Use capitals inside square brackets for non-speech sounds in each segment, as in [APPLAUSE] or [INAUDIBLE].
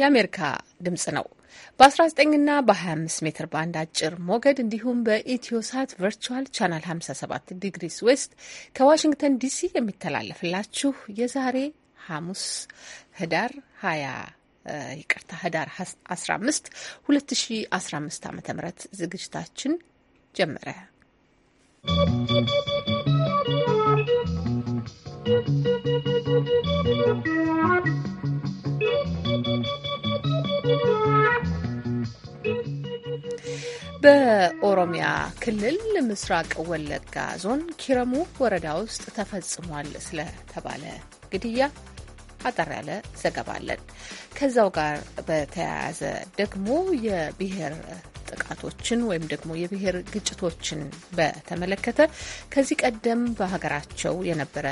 የአሜሪካ ድምጽ ነው። በ19ና በ25 ሜትር ባንድ አጭር ሞገድ እንዲሁም በኢትዮሳት ቨርቹዋል ቻናል 57 ዲግሪስ ዌስት ከዋሽንግተን ዲሲ የሚተላለፍላችሁ የዛሬ ሐሙስ ህዳር 20 ይቅርታ ህዳር 15 2015 ዓ ም ዝግጅታችን ጀመረ። በኦሮሚያ ክልል ምስራቅ ወለጋ ዞን ኪረሙ ወረዳ ውስጥ ተፈጽሟል ስለተባለ ግድያ አጠር ያለ ዘገባ አለን። ከዛው ጋር በተያያዘ ደግሞ የብሔር ጥቃቶችን ወይም ደግሞ የብሔር ግጭቶችን በተመለከተ ከዚህ ቀደም በሀገራቸው የነበረ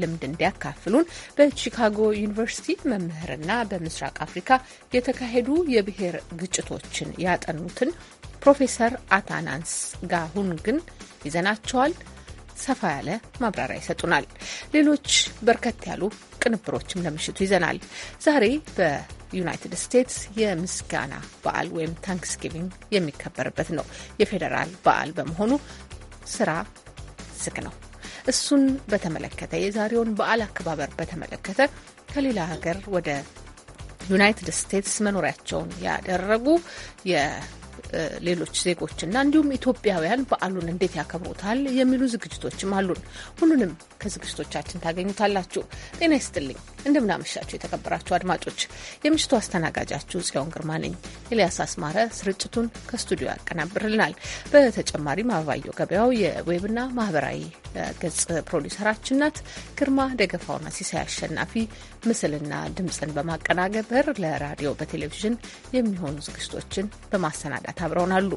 ልምድ እንዲያካፍሉን በቺካጎ ዩኒቨርሲቲ መምህርና በምስራቅ አፍሪካ የተካሄዱ የብሔር ግጭቶችን ያጠኑትን ፕሮፌሰር አታናንስ ጋሁን ግን ይዘናቸዋል። ሰፋ ያለ ማብራሪያ ይሰጡናል። ሌሎች በርከት ያሉ ቅንብሮችም ለምሽቱ ይዘናል። ዛሬ በዩናይትድ ስቴትስ የምስጋና በዓል ወይም ታንክስጊቪንግ የሚከበርበት ነው። የፌዴራል በዓል በመሆኑ ስራ ዝግ ነው። እሱን በተመለከተ የዛሬውን በዓል አከባበር በተመለከተ ከሌላ ሀገር ወደ ዩናይትድ ስቴትስ መኖሪያቸውን ያደረጉ ሌሎች ዜጎችና እንዲሁም ኢትዮጵያውያን በዓሉን እንዴት ያከብሩታል የሚሉ ዝግጅቶችም አሉን። ሁሉንም ከዝግጅቶቻችን ታገኙታላችሁ። ጤና ይስጥልኝ፣ እንደምናመሻችሁ የተከበራችሁ አድማጮች፣ የምሽቱ አስተናጋጃችሁ ጽዮን ግርማ ነኝ። ኤልያስ አስማረ ስርጭቱን ከስቱዲዮ ያቀናብርልናል። በተጨማሪም አበባየው ገበያው የዌብና ማህበራዊ ገጽ ፕሮዲሰራችን ናት። ግርማ ደገፋውና ሲሳይ አሸናፊ ምስልና ድምፅን በማቀናገበር ለራዲዮ በቴሌቪዥን የሚሆኑ ዝግጅቶችን በማሰናዳት በረከት አብረውናሉ።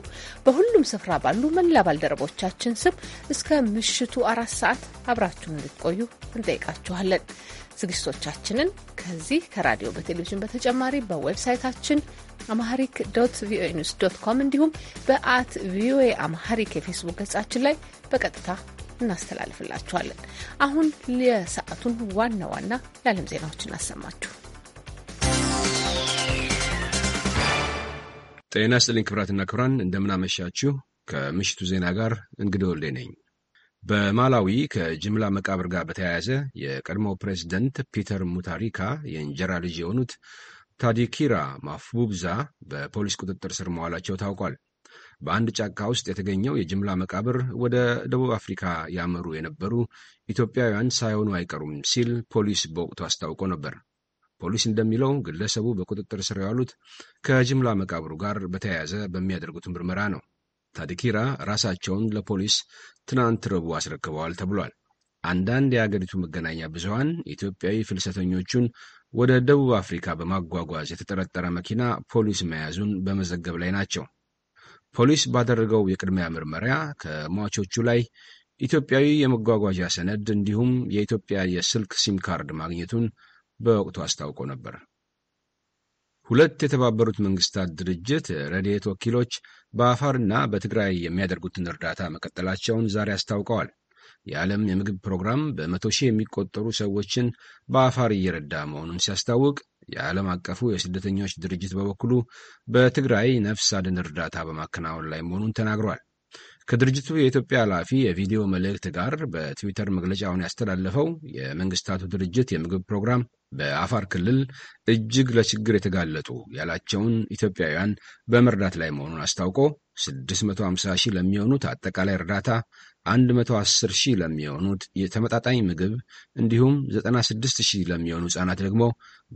በሁሉም ስፍራ ባሉ መላ ባልደረቦቻችን ስም እስከ ምሽቱ አራት ሰዓት አብራችሁን እንድትቆዩ እንጠይቃችኋለን። ዝግጅቶቻችንን ከዚህ ከራዲዮ በቴሌቪዥን በተጨማሪ በዌብሳይታችን አማሪክ ዶት ቪኦኤ ኒውስ ዶት ኮም እንዲሁም በአት ቪኦኤ አማሐሪክ የፌስቡክ ገጻችን ላይ በቀጥታ እናስተላልፍላችኋለን። አሁን የሰዓቱን ዋና ዋና የዓለም ዜናዎች እናሰማችሁ። ጤና ስጥልኝ ክብራትና ክብራን፣ እንደምናመሻችሁ። ከምሽቱ ዜና ጋር እንግደ ወልዴ ነኝ። በማላዊ ከጅምላ መቃብር ጋር በተያያዘ የቀድሞ ፕሬዚደንት ፒተር ሙታሪካ የእንጀራ ልጅ የሆኑት ታዲኪራ ማፉብዛ በፖሊስ ቁጥጥር ስር መዋላቸው ታውቋል። በአንድ ጫካ ውስጥ የተገኘው የጅምላ መቃብር ወደ ደቡብ አፍሪካ ያመሩ የነበሩ ኢትዮጵያውያን ሳይሆኑ አይቀሩም ሲል ፖሊስ በወቅቱ አስታውቆ ነበር። ፖሊስ እንደሚለው ግለሰቡ በቁጥጥር ስር ያሉት ከጅምላ መቃብሩ ጋር በተያያዘ በሚያደርጉት ምርመራ ነው። ታዲኪራ ራሳቸውን ለፖሊስ ትናንት ረቡዕ አስረክበዋል ተብሏል። አንዳንድ የአገሪቱ መገናኛ ብዙሃን ኢትዮጵያዊ ፍልሰተኞቹን ወደ ደቡብ አፍሪካ በማጓጓዝ የተጠረጠረ መኪና ፖሊስ መያዙን በመዘገብ ላይ ናቸው። ፖሊስ ባደረገው የቅድሚያ ምርመሪያ ከሟቾቹ ላይ ኢትዮጵያዊ የመጓጓዣ ሰነድ እንዲሁም የኢትዮጵያ የስልክ ሲም ካርድ ማግኘቱን በወቅቱ አስታውቆ ነበር። ሁለት የተባበሩት መንግስታት ድርጅት ረድኤት ወኪሎች በአፋርና በትግራይ የሚያደርጉትን እርዳታ መቀጠላቸውን ዛሬ አስታውቀዋል። የዓለም የምግብ ፕሮግራም በመቶ ሺህ የሚቆጠሩ ሰዎችን በአፋር እየረዳ መሆኑን ሲያስታውቅ የዓለም አቀፉ የስደተኞች ድርጅት በበኩሉ በትግራይ ነፍስ አድን እርዳታ በማከናወን ላይ መሆኑን ተናግሯል። ከድርጅቱ የኢትዮጵያ ኃላፊ የቪዲዮ መልእክት ጋር በትዊተር መግለጫውን ያስተላለፈው የመንግስታቱ ድርጅት የምግብ ፕሮግራም በአፋር ክልል እጅግ ለችግር የተጋለጡ ያላቸውን ኢትዮጵያውያን በመርዳት ላይ መሆኑን አስታውቆ 650 ሺህ ለሚሆኑት አጠቃላይ እርዳታ 110 ሺህ ለሚሆኑት የተመጣጣኝ ምግብ እንዲሁም 96 ሺህ ለሚሆኑ ህጻናት ደግሞ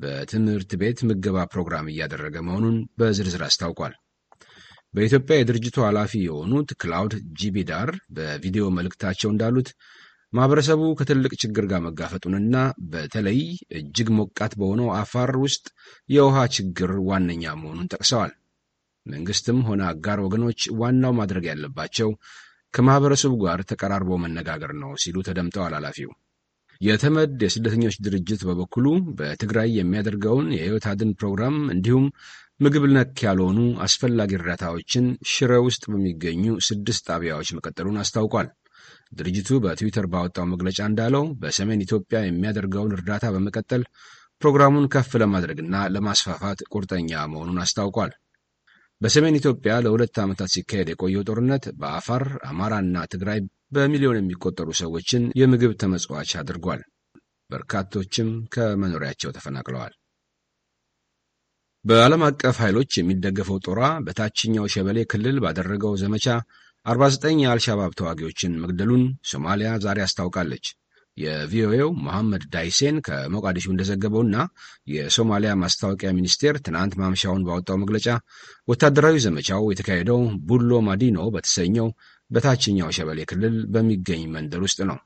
በትምህርት ቤት ምገባ ፕሮግራም እያደረገ መሆኑን በዝርዝር አስታውቋል። በኢትዮጵያ የድርጅቱ ኃላፊ የሆኑት ክላውድ ጂቢዳር በቪዲዮ መልእክታቸው እንዳሉት ማህበረሰቡ ከትልቅ ችግር ጋር መጋፈጡንና በተለይ እጅግ ሞቃት በሆነው አፋር ውስጥ የውሃ ችግር ዋነኛ መሆኑን ጠቅሰዋል። መንግስትም ሆነ አጋር ወገኖች ዋናው ማድረግ ያለባቸው ከማህበረሰቡ ጋር ተቀራርቦ መነጋገር ነው ሲሉ ተደምጠዋል ኃላፊው። የተመድ የስደተኞች ድርጅት በበኩሉ በትግራይ የሚያደርገውን የሕይወት አድን ፕሮግራም እንዲሁም ምግብ ነክ ያልሆኑ አስፈላጊ እርዳታዎችን ሽረ ውስጥ በሚገኙ ስድስት ጣቢያዎች መቀጠሉን አስታውቋል። ድርጅቱ በትዊተር ባወጣው መግለጫ እንዳለው በሰሜን ኢትዮጵያ የሚያደርገውን እርዳታ በመቀጠል ፕሮግራሙን ከፍ ለማድረግና ለማስፋፋት ቁርጠኛ መሆኑን አስታውቋል። በሰሜን ኢትዮጵያ ለሁለት ዓመታት ሲካሄድ የቆየው ጦርነት በአፋር፣ አማራና ትግራይ በሚሊዮን የሚቆጠሩ ሰዎችን የምግብ ተመጽዋች አድርጓል። በርካቶችም ከመኖሪያቸው ተፈናቅለዋል። በዓለም አቀፍ ኃይሎች የሚደገፈው ጦሯ በታችኛው ሸበሌ ክልል ባደረገው ዘመቻ 49 የአልሻባብ ተዋጊዎችን መግደሉን ሶማሊያ ዛሬ አስታውቃለች። የቪኦኤው መሐመድ ዳይሴን ከሞቃዲሹ እንደዘገበውና የሶማሊያ ማስታወቂያ ሚኒስቴር ትናንት ማምሻውን ባወጣው መግለጫ ወታደራዊ ዘመቻው የተካሄደው ቡሎ ማዲኖ በተሰኘው በታችኛው ሸበሌ ክልል በሚገኝ መንደር ውስጥ ነው።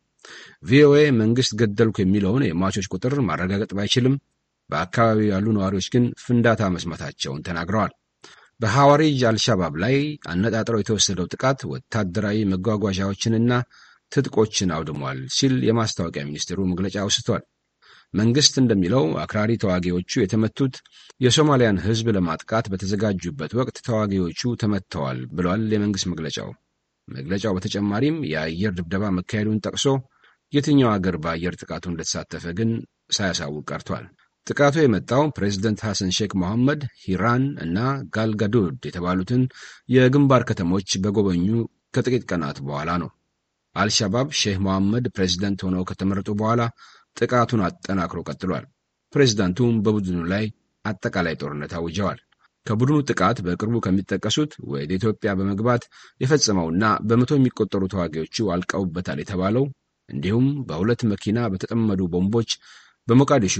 ቪኦኤ መንግስት ገደልኩ የሚለውን የሟቾች ቁጥር ማረጋገጥ ባይችልም በአካባቢው ያሉ ነዋሪዎች ግን ፍንዳታ መስማታቸውን ተናግረዋል። በሐዋሪጅ አልሻባብ ላይ አነጣጥሮ የተወሰደው ጥቃት ወታደራዊ መጓጓዣዎችንና ትጥቆችን አውድሟል ሲል የማስታወቂያ ሚኒስቴሩ መግለጫ አውስቷል። መንግሥት እንደሚለው አክራሪ ተዋጊዎቹ የተመቱት የሶማሊያን ሕዝብ ለማጥቃት በተዘጋጁበት ወቅት ተዋጊዎቹ ተመትተዋል ብሏል የመንግሥት መግለጫው። መግለጫው በተጨማሪም የአየር ድብደባ መካሄዱን ጠቅሶ የትኛው አገር በአየር ጥቃቱ እንደተሳተፈ ግን ሳያሳውቅ ቀርቷል። ጥቃቱ የመጣው ፕሬዚደንት ሐሰን ሼክ መሐመድ ሂራን እና ጋልጋዱድ የተባሉትን የግንባር ከተሞች በጎበኙ ከጥቂት ቀናት በኋላ ነው። አልሻባብ ሼህ መሐመድ ፕሬዚደንት ሆነው ከተመረጡ በኋላ ጥቃቱን አጠናክሮ ቀጥሏል። ፕሬዚዳንቱም በቡድኑ ላይ አጠቃላይ ጦርነት አውጀዋል። ከቡድኑ ጥቃት በቅርቡ ከሚጠቀሱት ወደ ኢትዮጵያ በመግባት የፈጸመውና በመቶ የሚቆጠሩ ተዋጊዎቹ አልቀውበታል የተባለው እንዲሁም በሁለት መኪና በተጠመዱ ቦምቦች በሞቃዲሹ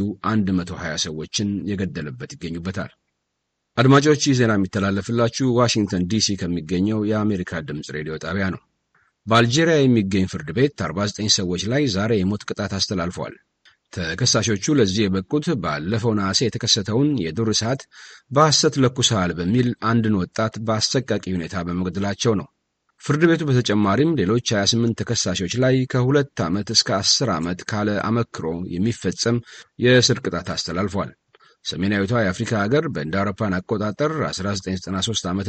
120 ሰዎችን የገደለበት ይገኙበታል። አድማጮች ይህ ዜና የሚተላለፍላችሁ ዋሽንግተን ዲሲ ከሚገኘው የአሜሪካ ድምፅ ሬዲዮ ጣቢያ ነው። በአልጄሪያ የሚገኝ ፍርድ ቤት 49 ሰዎች ላይ ዛሬ የሞት ቅጣት አስተላልፏል። ተከሳሾቹ ለዚህ የበቁት ባለፈው ነሐሴ የተከሰተውን የዱር እሳት በሐሰት ለኩሰሃል በሚል አንድን ወጣት በአሰቃቂ ሁኔታ በመግደላቸው ነው። ፍርድ ቤቱ በተጨማሪም ሌሎች 28 ተከሳሾች ላይ ከሁለት ዓመት እስከ 10 ዓመት ካለ አመክሮ የሚፈጸም የእስር ቅጣት አስተላልፏል። ሰሜናዊቷ የአፍሪካ ሀገር በእንደ አውሮፓን አቆጣጠር 1993 ዓ ም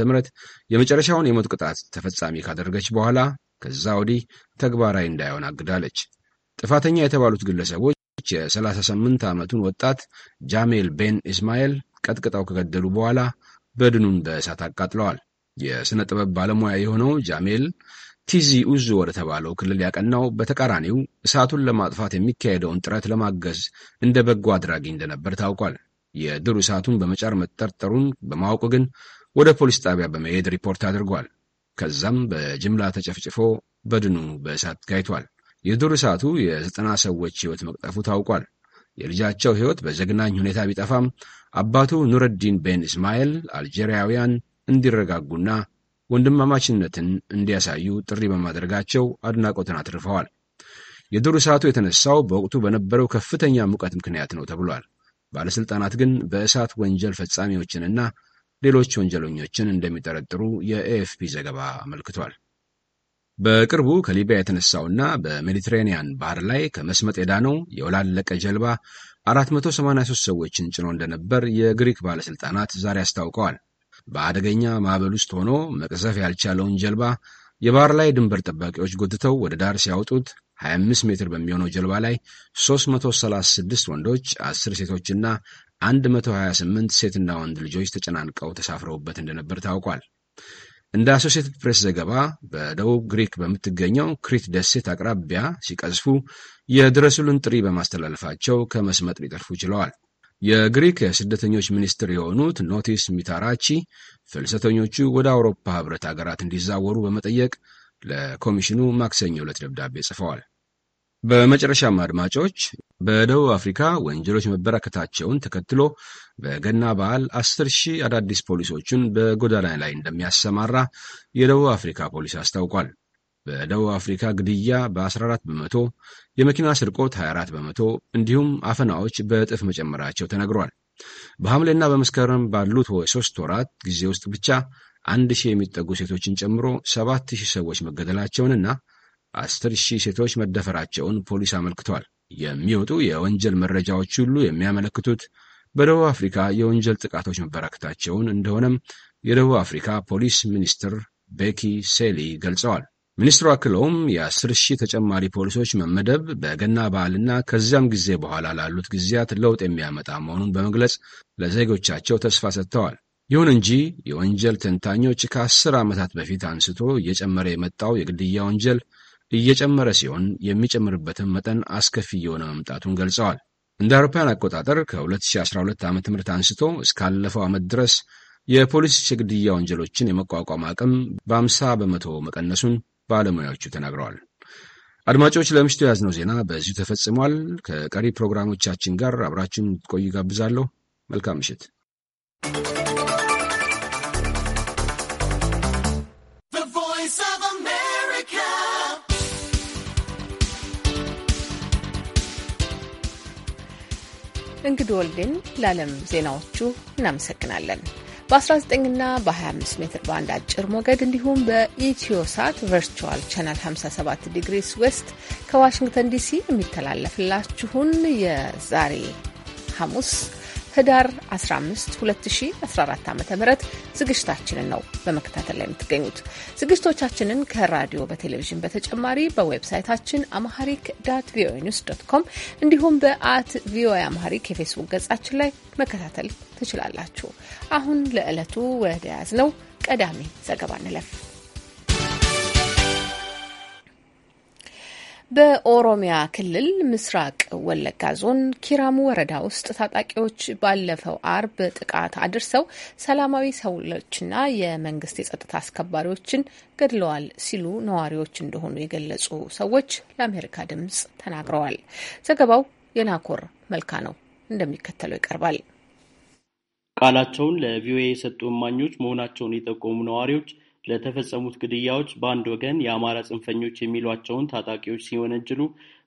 የመጨረሻውን የሞት ቅጣት ተፈጻሚ ካደረገች በኋላ ከዛ ወዲህ ተግባራዊ እንዳይሆን አግዳለች። ጥፋተኛ የተባሉት ግለሰቦች የ38 ዓመቱን ወጣት ጃሜል ቤን ኢስማኤል ቀጥቅጠው ከገደሉ በኋላ በድኑን በእሳት አቃጥለዋል። የሥነ ጥበብ ባለሙያ የሆነው ጃሜል ቲዚ ኡዙ ወደ ተባለው ክልል ያቀናው በተቃራኒው እሳቱን ለማጥፋት የሚካሄደውን ጥረት ለማገዝ እንደ በጎ አድራጊ እንደነበር ታውቋል። የዱር እሳቱን በመጫር መጠርጠሩን በማወቁ ግን ወደ ፖሊስ ጣቢያ በመሄድ ሪፖርት አድርጓል። ከዛም በጅምላ ተጨፍጭፎ በድኑ በእሳት ጋይቷል። የዱር እሳቱ የዘጠና ሰዎች ሕይወት መቅጠፉ ታውቋል። የልጃቸው ሕይወት በዘግናኝ ሁኔታ ቢጠፋም አባቱ ኑረዲን ቤን እስማኤል አልጄሪያውያን እንዲረጋጉና ወንድማማችነትን እንዲያሳዩ ጥሪ በማድረጋቸው አድናቆትን አትርፈዋል። የዱር እሳቱ የተነሳው በወቅቱ በነበረው ከፍተኛ ሙቀት ምክንያት ነው ተብሏል። ባለሥልጣናት ግን በእሳት ወንጀል ፈጻሚዎችንና ሌሎች ወንጀለኞችን እንደሚጠረጥሩ የኤኤፍፒ ዘገባ አመልክቷል። በቅርቡ ከሊቢያ የተነሳውና በሜዲትሬንያን ባህር ላይ ከመስመጥ የዳነው የወላለቀ ጀልባ 483 ሰዎችን ጭኖ እንደነበር የግሪክ ባለሥልጣናት ዛሬ አስታውቀዋል። በአደገኛ ማዕበል ውስጥ ሆኖ መቅዘፍ ያልቻለውን ጀልባ የባህር ላይ ድንበር ጠባቂዎች ጎትተው ወደ ዳር ሲያወጡት 25 ሜትር በሚሆነው ጀልባ ላይ 336 ወንዶች፣ 10 ሴቶችና 128 ሴትና ወንድ ልጆች ተጨናንቀው ተሳፍረውበት እንደነበር ታውቋል። እንደ አሶሴትድ ፕሬስ ዘገባ በደቡብ ግሪክ በምትገኘው ክሪት ደሴት አቅራቢያ ሲቀዝፉ የድረሱልን ጥሪ በማስተላለፋቸው ከመስመጥ ሊጠርፉ ችለዋል። የግሪክ የስደተኞች ሚኒስትር የሆኑት ኖቲስ ሚታራቺ ፍልሰተኞቹ ወደ አውሮፓ ህብረት አገራት እንዲዛወሩ በመጠየቅ ለኮሚሽኑ ማክሰኞ ዕለት ደብዳቤ ጽፈዋል። በመጨረሻም አድማጮች፣ በደቡብ አፍሪካ ወንጀሎች መበራከታቸውን ተከትሎ በገና በዓል አስር ሺህ አዳዲስ ፖሊሶችን በጎዳና ላይ እንደሚያሰማራ የደቡብ አፍሪካ ፖሊስ አስታውቋል። በደቡብ አፍሪካ ግድያ በ14 በመቶ፣ የመኪና ስርቆት 24 በመቶ እንዲሁም አፈናዎች በእጥፍ መጨመራቸው ተነግሯል። በሐምሌና በመስከረም ባሉት ሶስት ወራት ጊዜ ውስጥ ብቻ አንድ ሺህ የሚጠጉ ሴቶችን ጨምሮ ሰባት ሺህ ሰዎች መገደላቸውንና አስር ሺህ ሴቶች መደፈራቸውን ፖሊስ አመልክቷል። የሚወጡ የወንጀል መረጃዎች ሁሉ የሚያመለክቱት በደቡብ አፍሪካ የወንጀል ጥቃቶች መበራከታቸውን እንደሆነም የደቡብ አፍሪካ ፖሊስ ሚኒስትር ቤኪ ሴሊ ገልጸዋል። ሚኒስትሩ አክለውም የአስር ሺህ ተጨማሪ ፖሊሶች መመደብ በገና በዓልና ከዚያም ጊዜ በኋላ ላሉት ጊዜያት ለውጥ የሚያመጣ መሆኑን በመግለጽ ለዜጎቻቸው ተስፋ ሰጥተዋል። ይሁን እንጂ የወንጀል ተንታኞች ከአስር ዓመታት በፊት አንስቶ እየጨመረ የመጣው የግድያ ወንጀል እየጨመረ ሲሆን የሚጨምርበትን መጠን አስከፊ እየሆነ መምጣቱን ገልጸዋል። እንደ አውሮፓውያን አቆጣጠር ከ2012 ዓ ም አንስቶ እስካለፈው ዓመት ድረስ የፖሊስ የግድያ ወንጀሎችን የመቋቋም አቅም በ50 በመቶ መቀነሱን ባለሙያዎቹ ተናግረዋል። አድማጮች፣ ለምሽቱ የያዝነው ዜና በዚሁ ተፈጽሟል። ከቀሪ ፕሮግራሞቻችን ጋር አብራችን ቆዩ ጋብዛለሁ። መልካም ምሽት። እንግዲህ ወልዴን ለዓለም ዜናዎቹ እናመሰግናለን። በ19 ና በ25 ሜትር ባንድ አጭር ሞገድ እንዲሁም በኢትዮሳት ቨርቹዋል ቻናል 57 ዲግሪስ ዌስት ከዋሽንግተን ዲሲ የሚተላለፍላችሁን የዛሬ ሐሙስ ህዳር 15 2014 ዓ ም ዝግጅታችንን ነው በመከታተል ላይ የምትገኙት። ዝግጅቶቻችንን ከራዲዮ በቴሌቪዥን በተጨማሪ በዌብሳይታችን አምሃሪክ ዳት ቪኦኤ ኒውስ ዶት ኮም እንዲሁም በአት ቪኦኤ አምሃሪክ የፌስቡክ ገጻችን ላይ መከታተል ትችላላችሁ። አሁን ለዕለቱ ወደ ነው ቀዳሚ ዘገባ እንለፍ። በኦሮሚያ ክልል ምስራቅ ወለጋ ዞን ኪራሙ ወረዳ ውስጥ ታጣቂዎች ባለፈው አርብ ጥቃት አድርሰው ሰላማዊ ሰዎችና የመንግስት የጸጥታ አስከባሪዎችን ገድለዋል ሲሉ ነዋሪዎች እንደሆኑ የገለጹ ሰዎች ለአሜሪካ ድምጽ ተናግረዋል። ዘገባው የናኮር መልካ ነው፣ እንደሚከተለው ይቀርባል። ቃላቸውን ለቪኦኤ የሰጡ እማኞች መሆናቸውን የጠቆሙ ነዋሪዎች ለተፈጸሙት ግድያዎች በአንድ ወገን የአማራ ጽንፈኞች የሚሏቸውን ታጣቂዎች ሲወነጅሉ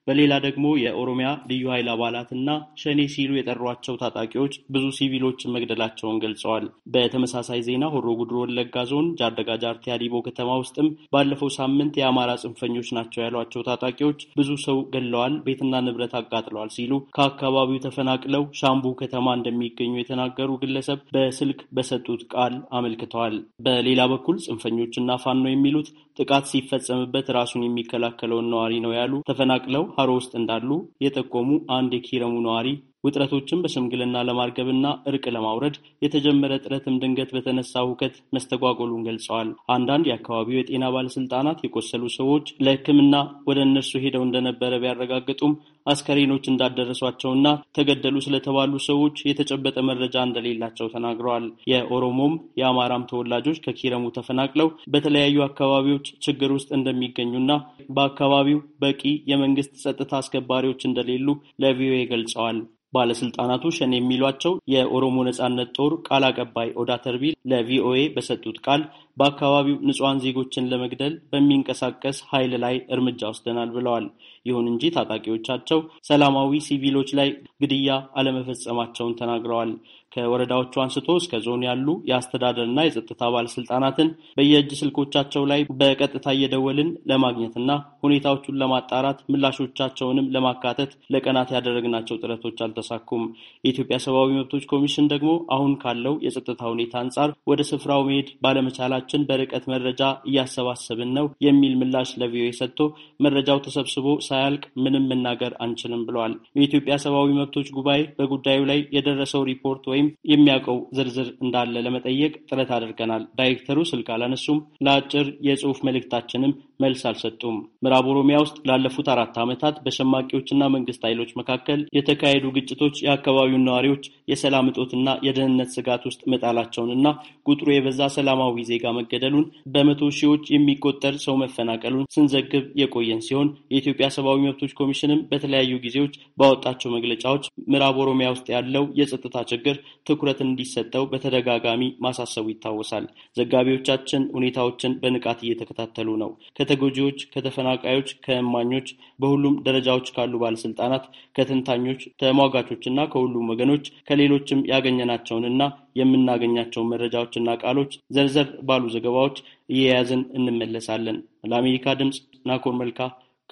በሌላ ደግሞ የኦሮሚያ ልዩ ኃይል አባላትና ሸኔ ሲሉ የጠሯቸው ታጣቂዎች ብዙ ሲቪሎችን መግደላቸውን ገልጸዋል። በተመሳሳይ ዜና ሆሮ ጉድሮ ወለጋ ዞን ጃደጋ ጃርቴ አዲቦ ከተማ ውስጥም ባለፈው ሳምንት የአማራ ጽንፈኞች ናቸው ያሏቸው ታጣቂዎች ብዙ ሰው ገለዋል ቤትና ንብረት አቃጥለዋል ሲሉ ከአካባቢው ተፈናቅለው ሻምቡ ከተማ እንደሚገኙ የተናገሩ ግለሰብ በስልክ በሰጡት ቃል አመልክተዋል። በሌላ በኩል ጽንፈኞችና ፋኖ የሚሉት ጥቃት ሲፈጸምበት ራሱን የሚከላከለውን ነዋሪ ነው ያሉ ተፈናቅለው ሀሮ ውስጥ እንዳሉ የጠቆሙ አንድ የኪረሙ ነዋሪ ውጥረቶችን በሽምግልና ለማርገብና እርቅ ለማውረድ የተጀመረ ጥረትም ድንገት በተነሳ ሁከት መስተጓጎሉን ገልጸዋል። አንዳንድ የአካባቢው የጤና ባለስልጣናት የቆሰሉ ሰዎች ለሕክምና ወደ እነርሱ ሄደው እንደነበረ ቢያረጋግጡም አስከሬኖች እንዳደረሷቸውና ተገደሉ ስለተባሉ ሰዎች የተጨበጠ መረጃ እንደሌላቸው ተናግረዋል። የኦሮሞም የአማራም ተወላጆች ከኪረሙ ተፈናቅለው በተለያዩ አካባቢዎች ችግር ውስጥ እንደሚገኙና በአካባቢው በቂ የመንግስት ጸጥታ አስከባሪዎች እንደሌሉ ለቪኦኤ ገልጸዋል። ባለስልጣናቱ ሸኔ የሚሏቸው የኦሮሞ ነጻነት ጦር ቃል አቀባይ ኦዳ ተርቢ ለቪኦኤ በሰጡት ቃል በአካባቢው ንጹሐን ዜጎችን ለመግደል በሚንቀሳቀስ ኃይል ላይ እርምጃ ወስደናል ብለዋል። ይሁን እንጂ ታጣቂዎቻቸው ሰላማዊ ሲቪሎች ላይ ግድያ አለመፈጸማቸውን ተናግረዋል። ከወረዳዎቹ አንስቶ እስከ ዞን ያሉ የአስተዳደርና የጸጥታ ባለስልጣናትን በየእጅ ስልኮቻቸው ላይ በቀጥታ እየደወልን ለማግኘትና ሁኔታዎቹን ለማጣራት ምላሾቻቸውንም ለማካተት ለቀናት ያደረግናቸው ጥረቶች አልተሳኩም። የኢትዮጵያ ሰብአዊ መብቶች ኮሚሽን ደግሞ አሁን ካለው የጸጥታ ሁኔታ አንጻር ወደ ስፍራው መሄድ ባለመቻላችን በርቀት መረጃ እያሰባሰብን ነው የሚል ምላሽ ለቪኦኤ ሰጥቶ መረጃው ተሰብስቦ ሳያልቅ ምንም መናገር አንችልም ብለዋል። የኢትዮጵያ ሰብአዊ መብቶች ጉባኤ በጉዳዩ ላይ የደረሰው ሪፖርት ወይም የሚያውቀው ዝርዝር እንዳለ ለመጠየቅ ጥረት አድርገናል። ዳይሬክተሩ ስልክ አላነሱም። ለአጭር የጽሑፍ መልእክታችንም መልስ አልሰጡም። ምዕራብ ኦሮሚያ ውስጥ ላለፉት አራት ዓመታት በሸማቂዎችና መንግስት ኃይሎች መካከል የተካሄዱ ግጭቶች የአካባቢውን ነዋሪዎች የሰላም እጦትና የደህንነት ስጋት ውስጥ መጣላቸውንና ቁጥሩ የበዛ ሰላማዊ ዜጋ መገደሉን በመቶ ሺዎች የሚቆጠር ሰው መፈናቀሉን ስንዘግብ የቆየን ሲሆን የኢትዮጵያ ሰብአዊ መብቶች ኮሚሽንም በተለያዩ ጊዜዎች ባወጣቸው መግለጫዎች ምዕራብ ኦሮሚያ ውስጥ ያለው የጸጥታ ችግር ትኩረት እንዲሰጠው በተደጋጋሚ ማሳሰቡ ይታወሳል። ዘጋቢዎቻችን ሁኔታዎችን በንቃት እየተከታተሉ ነው። ከተጎጂዎች፣ ከተፈናቃዮች፣ ከእማኞች፣ በሁሉም ደረጃዎች ካሉ ባለስልጣናት፣ ተሟጋቾች ተሟጋቾችና ከሁሉም ወገኖች ከሌሎችም ያገኘናቸውን እና የምናገኛቸውን መረጃዎችና ቃሎች ዘርዘር ባሉ ዘገባዎች እየያዝን እንመለሳለን። ለአሜሪካ ድምፅ ናኮር መልካ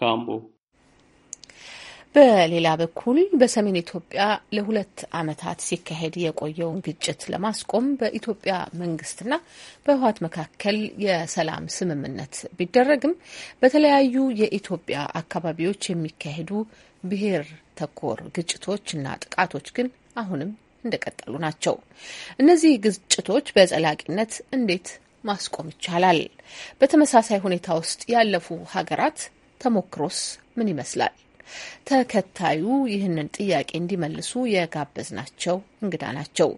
ካምቦ በሌላ በኩል በሰሜን ኢትዮጵያ ለሁለት ዓመታት ሲካሄድ የቆየውን ግጭት ለማስቆም በኢትዮጵያ መንግስትና በህወሓት መካከል የሰላም ስምምነት ቢደረግም በተለያዩ የኢትዮጵያ አካባቢዎች የሚካሄዱ ብሔር ተኮር ግጭቶች እና ጥቃቶች ግን አሁንም እንደቀጠሉ ናቸው። እነዚህ ግጭቶች በዘላቂነት እንዴት ማስቆም ይቻላል? በተመሳሳይ ሁኔታ ውስጥ ያለፉ ሀገራት ተሞክሮስ ምን ይመስላል? ተከታዩ ይህንን ጥያቄ እንዲመልሱ የጋበዝናቸው እንግዳ ናቸው።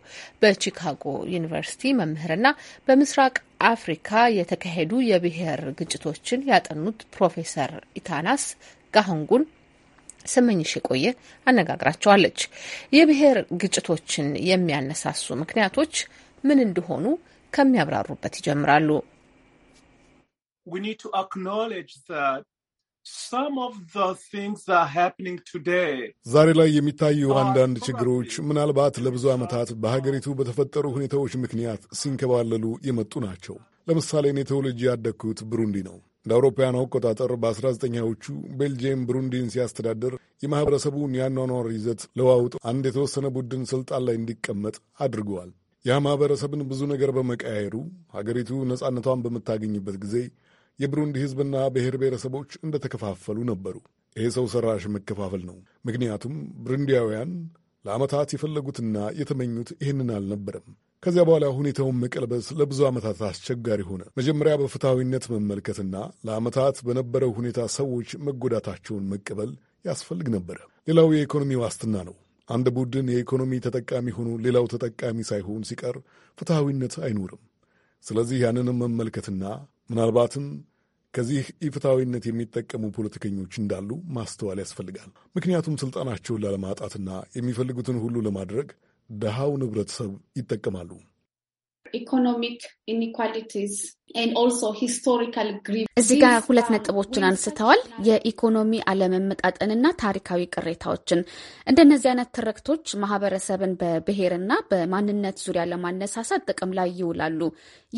በቺካጎ ዩኒቨርሲቲ መምህርና በምስራቅ አፍሪካ የተካሄዱ የብሔር ግጭቶችን ያጠኑት ፕሮፌሰር ኢታናስ ጋህንጉን ስመኝሽ የቆየ አነጋግራቸዋለች። የብሔር ግጭቶችን የሚያነሳሱ ምክንያቶች ምን እንደሆኑ ከሚያብራሩበት ይጀምራሉ። We need to acknowledge that ዛሬ ላይ የሚታዩ አንዳንድ ችግሮች ምናልባት ለብዙ ዓመታት በሀገሪቱ በተፈጠሩ ሁኔታዎች ምክንያት ሲንከባለሉ የመጡ ናቸው። ለምሳሌ እኔ ተወልጄ ያደግኩት ብሩንዲ ነው። እንደ አውሮፓውያኑ አቆጣጠር በ19ኛዎቹ ቤልጅየም ብሩንዲን ሲያስተዳድር የማኅበረሰቡን የአኗኗር ይዘት ለዋውጥ አንድ የተወሰነ ቡድን ሥልጣን ላይ እንዲቀመጥ አድርገዋል። ያ ማኅበረሰብን ብዙ ነገር በመቀያየሩ ሀገሪቱ ነጻነቷን በምታገኝበት ጊዜ የብሩንዲ ህዝብና ብሔር ብሔረሰቦች እንደተከፋፈሉ ነበሩ። ይህ ሰው ሰራሽ መከፋፈል ነው። ምክንያቱም ብሩንዲያውያን ለዓመታት የፈለጉትና የተመኙት ይህንን አልነበረም። ከዚያ በኋላ ሁኔታውን መቀልበስ ለብዙ ዓመታት አስቸጋሪ ሆነ። መጀመሪያ በፍትሐዊነት መመልከትና ለዓመታት በነበረው ሁኔታ ሰዎች መጎዳታቸውን መቀበል ያስፈልግ ነበረ። ሌላው የኢኮኖሚ ዋስትና ነው። አንድ ቡድን የኢኮኖሚ ተጠቃሚ ሆኖ ሌላው ተጠቃሚ ሳይሆን ሲቀር ፍትሐዊነት አይኖርም። ስለዚህ ያንንም መመልከትና ምናልባትም ከዚህ ኢፍትሐዊነት የሚጠቀሙ ፖለቲከኞች እንዳሉ ማስተዋል ያስፈልጋል። ምክንያቱም ስልጣናቸውን ላለማጣትና የሚፈልጉትን ሁሉ ለማድረግ ድሃው ንብረተሰብ ይጠቀማሉ። ኢኮኖሚክ እዚህ ጋር ሁለት ነጥቦችን አንስተዋል። የኢኮኖሚ አለመመጣጠንና ታሪካዊ ቅሬታዎችን። እንደነዚህ አይነት ትርክቶች ማህበረሰብን በብሔርና በማንነት ዙሪያ ለማነሳሳት ጥቅም ላይ ይውላሉ።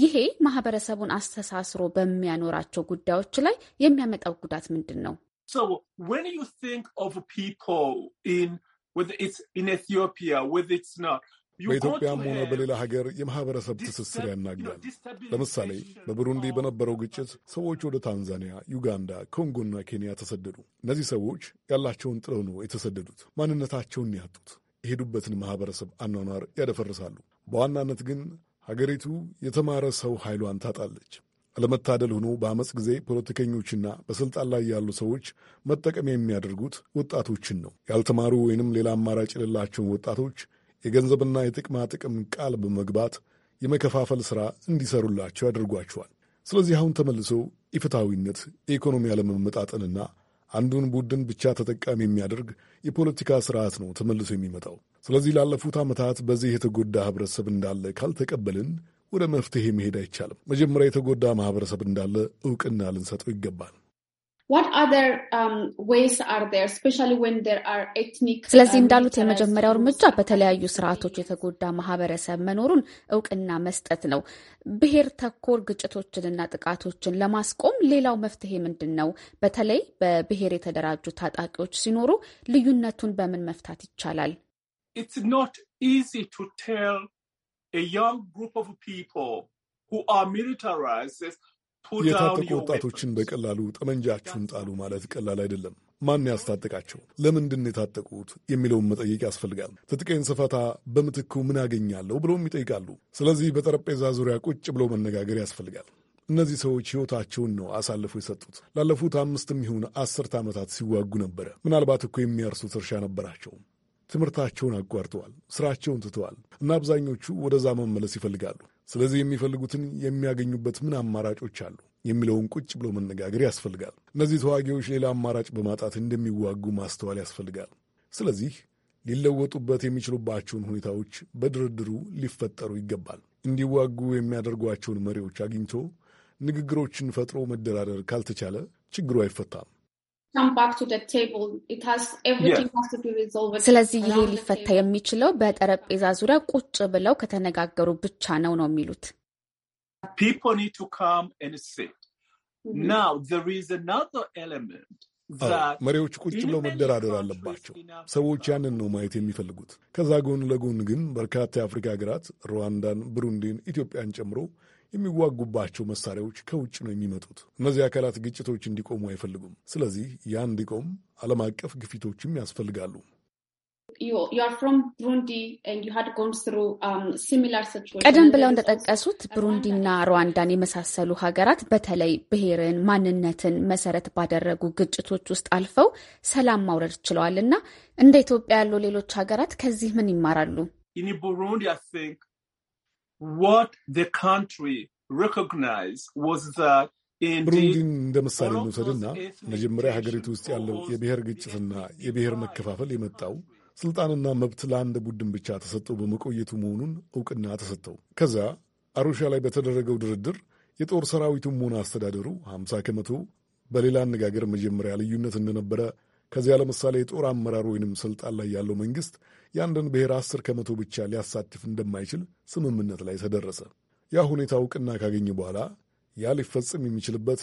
ይሄ ማህበረሰቡን አስተሳስሮ በሚያኖራቸው ጉዳዮች ላይ የሚያመጣው ጉዳት ምንድን ነው? ኢትዮጵያ በኢትዮጵያም ሆነ በሌላ ሀገር የማህበረሰብ ትስስር ያናጋል። ለምሳሌ በብሩንዲ በነበረው ግጭት ሰዎች ወደ ታንዛኒያ፣ ዩጋንዳ፣ ኮንጎና ኬንያ ተሰደዱ። እነዚህ ሰዎች ያላቸውን ጥለው ነው የተሰደዱት። ማንነታቸውን ያጡት፣ የሄዱበትን ማህበረሰብ አኗኗር ያደፈርሳሉ። በዋናነት ግን ሀገሪቱ የተማረ ሰው ኃይሏን ታጣለች። አለመታደል ሆኖ በአመፅ ጊዜ ፖለቲከኞችና በስልጣን ላይ ያሉ ሰዎች መጠቀሚያ የሚያደርጉት ወጣቶችን ነው። ያልተማሩ ወይንም ሌላ አማራጭ የሌላቸውን ወጣቶች የገንዘብና የጥቅማ ጥቅም ቃል በመግባት የመከፋፈል ሥራ እንዲሰሩላቸው ያደርጓቸዋል። ስለዚህ አሁን ተመልሶ ኢፍትሐዊነት፣ የኢኮኖሚ አለመመጣጠንና አንዱን ቡድን ብቻ ተጠቃሚ የሚያደርግ የፖለቲካ ስርዓት ነው ተመልሶ የሚመጣው። ስለዚህ ላለፉት ዓመታት በዚህ የተጎዳ ህብረተሰብ እንዳለ ካልተቀበልን ወደ መፍትሄ መሄድ አይቻልም። መጀመሪያ የተጎዳ ማህበረሰብ እንዳለ እውቅና ልንሰጠው ይገባል። What other um, ways are there, especially when there are ethnic? ስለዚህ um, እንዳሉት የመጀመሪያው እርምጃ በተለያዩ ስርዓቶች የተጎዳ ማህበረሰብ መኖሩን እውቅና መስጠት ነው። ብሔር ተኮር ግጭቶችንና ጥቃቶችን ለማስቆም ሌላው መፍትሄ ምንድን ነው? በተለይ በብሔር የተደራጁ ታጣቂዎች ሲኖሩ ልዩነቱን በምን መፍታት ይቻላል? It's not easy to tell a young group of people who are militarized የታጠቁ ወጣቶችን በቀላሉ ጠመንጃችሁን ጣሉ ማለት ቀላል አይደለም። ማን ያስታጠቃቸው? ለምንድን የታጠቁት? የሚለውን መጠየቅ ያስፈልጋል። ትጥቄን ስፈታ በምትኩ ምን አገኛለሁ ብሎም ይጠይቃሉ። ስለዚህ በጠረጴዛ ዙሪያ ቁጭ ብሎ መነጋገር ያስፈልጋል። እነዚህ ሰዎች ሕይወታቸውን ነው አሳልፎ የሰጡት። ላለፉት አምስትም ይሁን አስርት ዓመታት ሲዋጉ ነበረ። ምናልባት እኮ የሚያርሱት እርሻ ነበራቸው። ትምህርታቸውን አቋርጠዋል፣ ስራቸውን ትተዋል እና አብዛኞቹ ወደዛ መመለስ ይፈልጋሉ። ስለዚህ የሚፈልጉትን የሚያገኙበት ምን አማራጮች አሉ የሚለውን ቁጭ ብሎ መነጋገር ያስፈልጋል። እነዚህ ተዋጊዎች ሌላ አማራጭ በማጣት እንደሚዋጉ ማስተዋል ያስፈልጋል። ስለዚህ ሊለወጡበት የሚችሉባቸውን ሁኔታዎች በድርድሩ ሊፈጠሩ ይገባል። እንዲዋጉ የሚያደርጓቸውን መሪዎች አግኝቶ ንግግሮችን ፈጥሮ መደራደር ካልተቻለ ችግሩ አይፈታም። ስለዚህ ይሄ ሊፈታ የሚችለው በጠረጴዛ ዙሪያ ቁጭ ብለው ከተነጋገሩ ብቻ ነው ነው የሚሉት። mm-hmm. መሪዎች ቁጭ ብለው መደራደር አለባቸው። ሰዎች ያንን ነው ማየት የሚፈልጉት። ከዛ ጎን ለጎን ግን በርካታ የአፍሪካ ሀገራት ሩዋንዳን፣ ብሩንዲን፣ ኢትዮጵያን ጨምሮ የሚዋጉባቸው መሳሪያዎች ከውጭ ነው የሚመጡት። እነዚህ አካላት ግጭቶች እንዲቆሙ አይፈልጉም። ስለዚህ ያ እንዲቆም ዓለም አቀፍ ግፊቶችም ያስፈልጋሉ። um, ቀደም ብለው እንደጠቀሱት ብሩንዲና ሩዋንዳን የመሳሰሉ ሀገራት በተለይ ብሔርን፣ ማንነትን መሰረት ባደረጉ ግጭቶች ውስጥ አልፈው ሰላም ማውረድ ችለዋል እና እንደ ኢትዮጵያ ያሉ ሌሎች ሀገራት ከዚህ ምን ይማራሉ? what the country recognized was that ብሩንዲን እንደ ምሳሌ እንውሰድና መጀመሪያ ሀገሪቱ ውስጥ ያለው የብሔር ግጭትና የብሔር መከፋፈል የመጣው ስልጣንና መብት ለአንድ ቡድን ብቻ ተሰጠው በመቆየቱ መሆኑን እውቅና ተሰጠው። ከዛ አሩሻ ላይ በተደረገው ድርድር የጦር ሰራዊቱም ሆነ አስተዳደሩ 50 ከመቶ በሌላ አነጋገር መጀመሪያ ልዩነት እንደነበረ ከዚያ ለምሳሌ የጦር አመራር ወይንም ስልጣን ላይ ያለው መንግስት የአንድን ብሔር አስር ከመቶ ብቻ ሊያሳትፍ እንደማይችል ስምምነት ላይ ተደረሰ። ያ ሁኔታ እውቅና ካገኘ በኋላ ያ ሊፈጽም የሚችልበት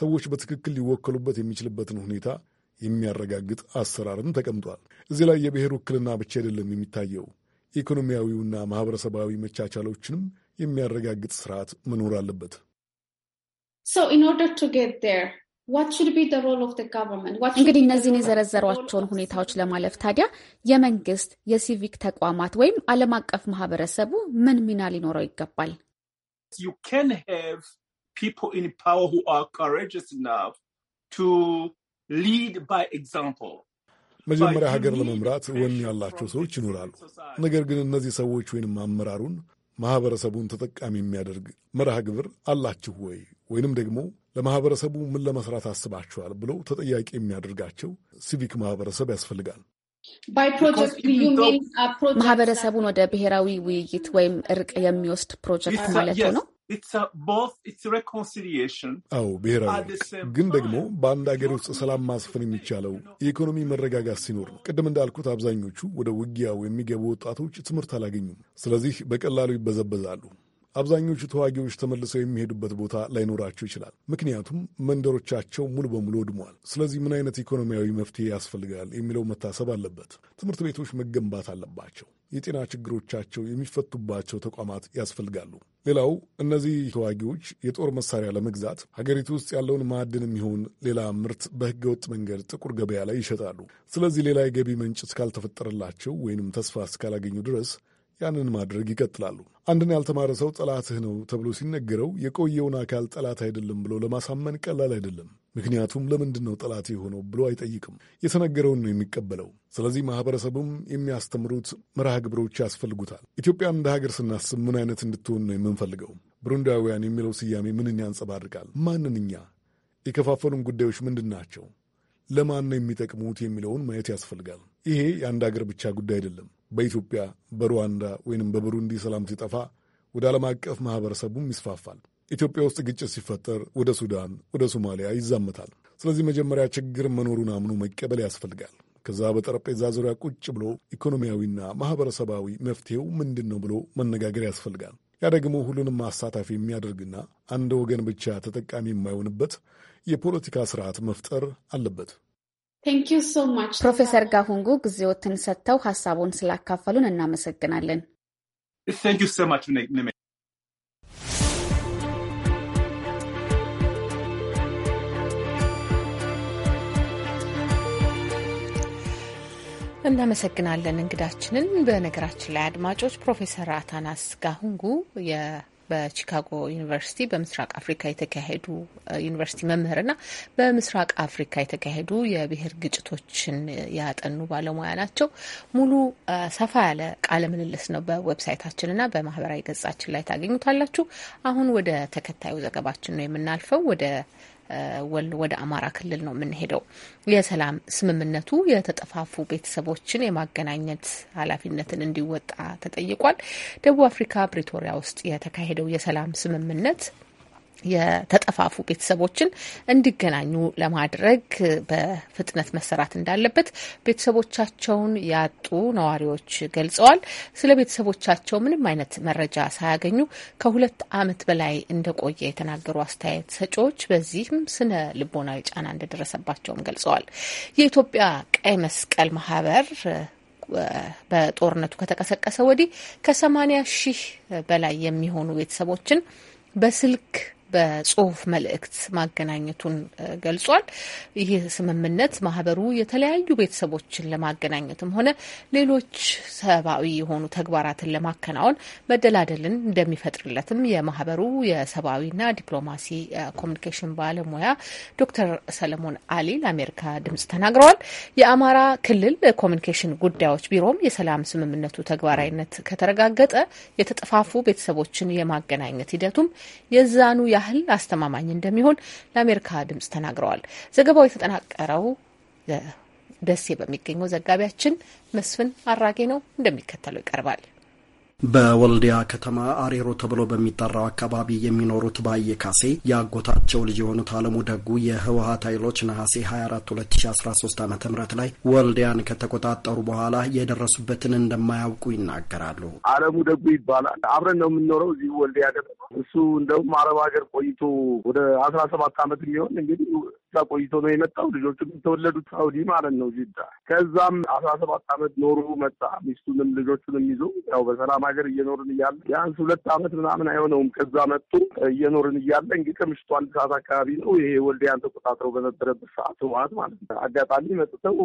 ሰዎች በትክክል ሊወከሉበት የሚችልበትን ሁኔታ የሚያረጋግጥ አሰራርም ተቀምጧል። እዚህ ላይ የብሔር ውክልና ብቻ አይደለም የሚታየው ኢኮኖሚያዊውና ማህበረሰባዊ መቻቻሎችንም የሚያረጋግጥ ስርዓት መኖር አለበት። So in order to get there, እንግዲህ እነዚህን የዘረዘሯቸውን ሁኔታዎች ለማለፍ ታዲያ የመንግስት የሲቪክ ተቋማት ወይም ዓለም አቀፍ ማህበረሰቡ ምን ሚና ሊኖረው ይገባል? መጀመሪያ ሀገር ለመምራት ወን ያላቸው ሰዎች ይኖራሉ። ነገር ግን እነዚህ ሰዎች ወይንም አመራሩን ማህበረሰቡን ተጠቃሚ የሚያደርግ መርሃ ግብር አላችሁ ወይ ወይንም ደግሞ ለማህበረሰቡ ምን ለመስራት አስባችኋል ብሎ ተጠያቂ የሚያደርጋቸው ሲቪክ ማህበረሰብ ያስፈልጋል። ማህበረሰቡን ወደ ብሔራዊ ውይይት ወይም እርቅ የሚወስድ ፕሮጀክት ማለት ነው። አዎ ብሔራዊ ግን ደግሞ በአንድ አገር ውስጥ ሰላም ማስፈን የሚቻለው የኢኮኖሚ መረጋጋት ሲኖር ነው። ቅድም እንዳልኩት አብዛኞቹ ወደ ውጊያው የሚገቡ ወጣቶች ትምህርት አላገኙም። ስለዚህ በቀላሉ ይበዘበዛሉ። አብዛኞቹ ተዋጊዎች ተመልሰው የሚሄዱበት ቦታ ላይኖራቸው ይችላል። ምክንያቱም መንደሮቻቸው ሙሉ በሙሉ ወድመዋል። ስለዚህ ምን አይነት ኢኮኖሚያዊ መፍትሄ ያስፈልጋል የሚለው መታሰብ አለበት። ትምህርት ቤቶች መገንባት አለባቸው። የጤና ችግሮቻቸው የሚፈቱባቸው ተቋማት ያስፈልጋሉ። ሌላው እነዚህ ተዋጊዎች የጦር መሳሪያ ለመግዛት ሀገሪቱ ውስጥ ያለውን ማዕድን የሚሆን ሌላ ምርት በሕገ ወጥ መንገድ ጥቁር ገበያ ላይ ይሸጣሉ። ስለዚህ ሌላ የገቢ ምንጭ እስካልተፈጠረላቸው ወይንም ተስፋ እስካላገኙ ድረስ ያንን ማድረግ ይቀጥላሉ። አንድን ያልተማረ ሰው ጠላትህ ነው ተብሎ ሲነገረው የቆየውን አካል ጠላት አይደለም ብሎ ለማሳመን ቀላል አይደለም። ምክንያቱም ለምንድን ነው ጠላት የሆነው ብሎ አይጠይቅም። የተነገረውን ነው የሚቀበለው። ስለዚህ ማህበረሰቡም የሚያስተምሩት መርሃ ግብሮች ያስፈልጉታል። ኢትዮጵያን እንደ ሀገር ስናስብ ምን አይነት እንድትሆን ነው የምንፈልገው? ብሩንዳውያን የሚለው ስያሜ ምንን ያንጸባርቃል? ማንን እኛ የከፋፈሉን ጉዳዮች ምንድን ናቸው? ለማን ነው የሚጠቅሙት የሚለውን ማየት ያስፈልጋል። ይሄ የአንድ ሀገር ብቻ ጉዳይ አይደለም። በኢትዮጵያ በሩዋንዳ ወይንም በብሩንዲ ሰላም ሲጠፋ ወደ ዓለም አቀፍ ማኅበረሰቡም ይስፋፋል። ኢትዮጵያ ውስጥ ግጭት ሲፈጠር ወደ ሱዳን፣ ወደ ሶማሊያ ይዛመታል። ስለዚህ መጀመሪያ ችግር መኖሩን አምኖ መቀበል ያስፈልጋል። ከዛ በጠረጴዛ ዙሪያ ቁጭ ብሎ ኢኮኖሚያዊና ማኅበረሰባዊ መፍትሄው ምንድን ነው ብሎ መነጋገር ያስፈልጋል። ያ ደግሞ ሁሉንም አሳታፊ የሚያደርግና አንድ ወገን ብቻ ተጠቃሚ የማይሆንበት የፖለቲካ ስርዓት መፍጠር አለበት። ፕሮፌሰር ጋሁንጉ ጊዜዎትን ሰጥተው ሀሳቡን ስላካፈሉን እናመሰግናለን። እናመሰግናለን እንግዳችንን። በነገራችን ላይ አድማጮች ፕሮፌሰር አታናስ ጋሁንጉ በቺካጎ ዩኒቨርሲቲ በምስራቅ አፍሪካ የተካሄዱ ዩኒቨርሲቲ መምህርና በምስራቅ አፍሪካ የተካሄዱ የብሔር ግጭቶችን ያጠኑ ባለሙያ ናቸው። ሙሉ ሰፋ ያለ ቃለ ምልልስ ነው በዌብሳይታችንና በማህበራዊ ገጻችን ላይ ታገኙታላችሁ። አሁን ወደ ተከታዩ ዘገባችን ነው የምናልፈው ወደ ወደ አማራ ክልል ነው የምንሄደው። የሰላም ስምምነቱ የተጠፋፉ ቤተሰቦችን የማገናኘት ኃላፊነትን እንዲወጣ ተጠይቋል። ደቡብ አፍሪካ ፕሪቶሪያ ውስጥ የተካሄደው የሰላም ስምምነት የተጠፋፉ ቤተሰቦችን እንዲገናኙ ለማድረግ በፍጥነት መሰራት እንዳለበት ቤተሰቦቻቸውን ያጡ ነዋሪዎች ገልጸዋል። ስለ ቤተሰቦቻቸው ምንም አይነት መረጃ ሳያገኙ ከሁለት ዓመት በላይ እንደቆየ የተናገሩ አስተያየት ሰጪዎች በዚህም ስነ ልቦናዊ ጫና እንደደረሰባቸውም ገልጸዋል። የኢትዮጵያ ቀይ መስቀል ማህበር በጦርነቱ ከተቀሰቀሰ ወዲህ ከሰማኒያ ሺህ በላይ የሚሆኑ ቤተሰቦችን በስልክ በጽሁፍ መልእክት ማገናኘቱን ገልጿል። ይህ ስምምነት ማህበሩ የተለያዩ ቤተሰቦችን ለማገናኘትም ሆነ ሌሎች ሰብአዊ የሆኑ ተግባራትን ለማከናወን መደላደልን እንደሚፈጥርለትም የማህበሩ የሰብአዊና ዲፕሎማሲ ኮሚኒኬሽን ባለሙያ ዶክተር ሰለሞን አሊ ለአሜሪካ ድምጽ ተናግረዋል። የአማራ ክልል ኮሚኒኬሽን ጉዳዮች ቢሮም የሰላም ስምምነቱ ተግባራዊነት ከተረጋገጠ የተጠፋፉ ቤተሰቦችን የማገናኘት ሂደቱም የዛኑ ያህል አስተማማኝ እንደሚሆን ለአሜሪካ ድምጽ ተናግረዋል። ዘገባው የተጠናቀረው ደሴ በሚገኘው ዘጋቢያችን መስፍን አራጌ ነው፣ እንደሚከተለው ይቀርባል። በወልዲያ ከተማ አሬሮ ተብሎ በሚጠራው አካባቢ የሚኖሩት ባየ ካሴ የአጎታቸው ልጅ የሆኑት አለሙ ደጉ የህወሀት ኃይሎች ነሐሴ 24 2013 ዓ ም ላይ ወልዲያን ከተቆጣጠሩ በኋላ የደረሱበትን እንደማያውቁ ይናገራሉ። አለሙ ደጉ ይባላል። አብረን ነው የምንኖረው እዚህ ወልዲያ። እሱ እንደውም አረብ ሀገር ቆይቶ ወደ አስራ ሰባት ዓመት የሚሆን እንግዲህ ጋር ቆይቶ ነው የመጣው። ልጆቹ የተወለዱት ሳውዲ ማለት ነው ጅዳ። ከዛም አስራ ሰባት አመት ኖሩ መጣ። ሚስቱንም ልጆቹንም ይዞ ያው በሰላም ሀገር እየኖርን እያለ ቢያንስ ሁለት አመት ምናምን አይሆነውም። ከዛ መጡ እየኖርን እያለ እንግዲህ ከምሽቱ አንድ ሰዓት አካባቢ ነው ይሄ ወልዲያን ተቆጣጥረው በነበረበት ሰዓት ህወሓት ማለት ነው። አጋጣሚ መጥተው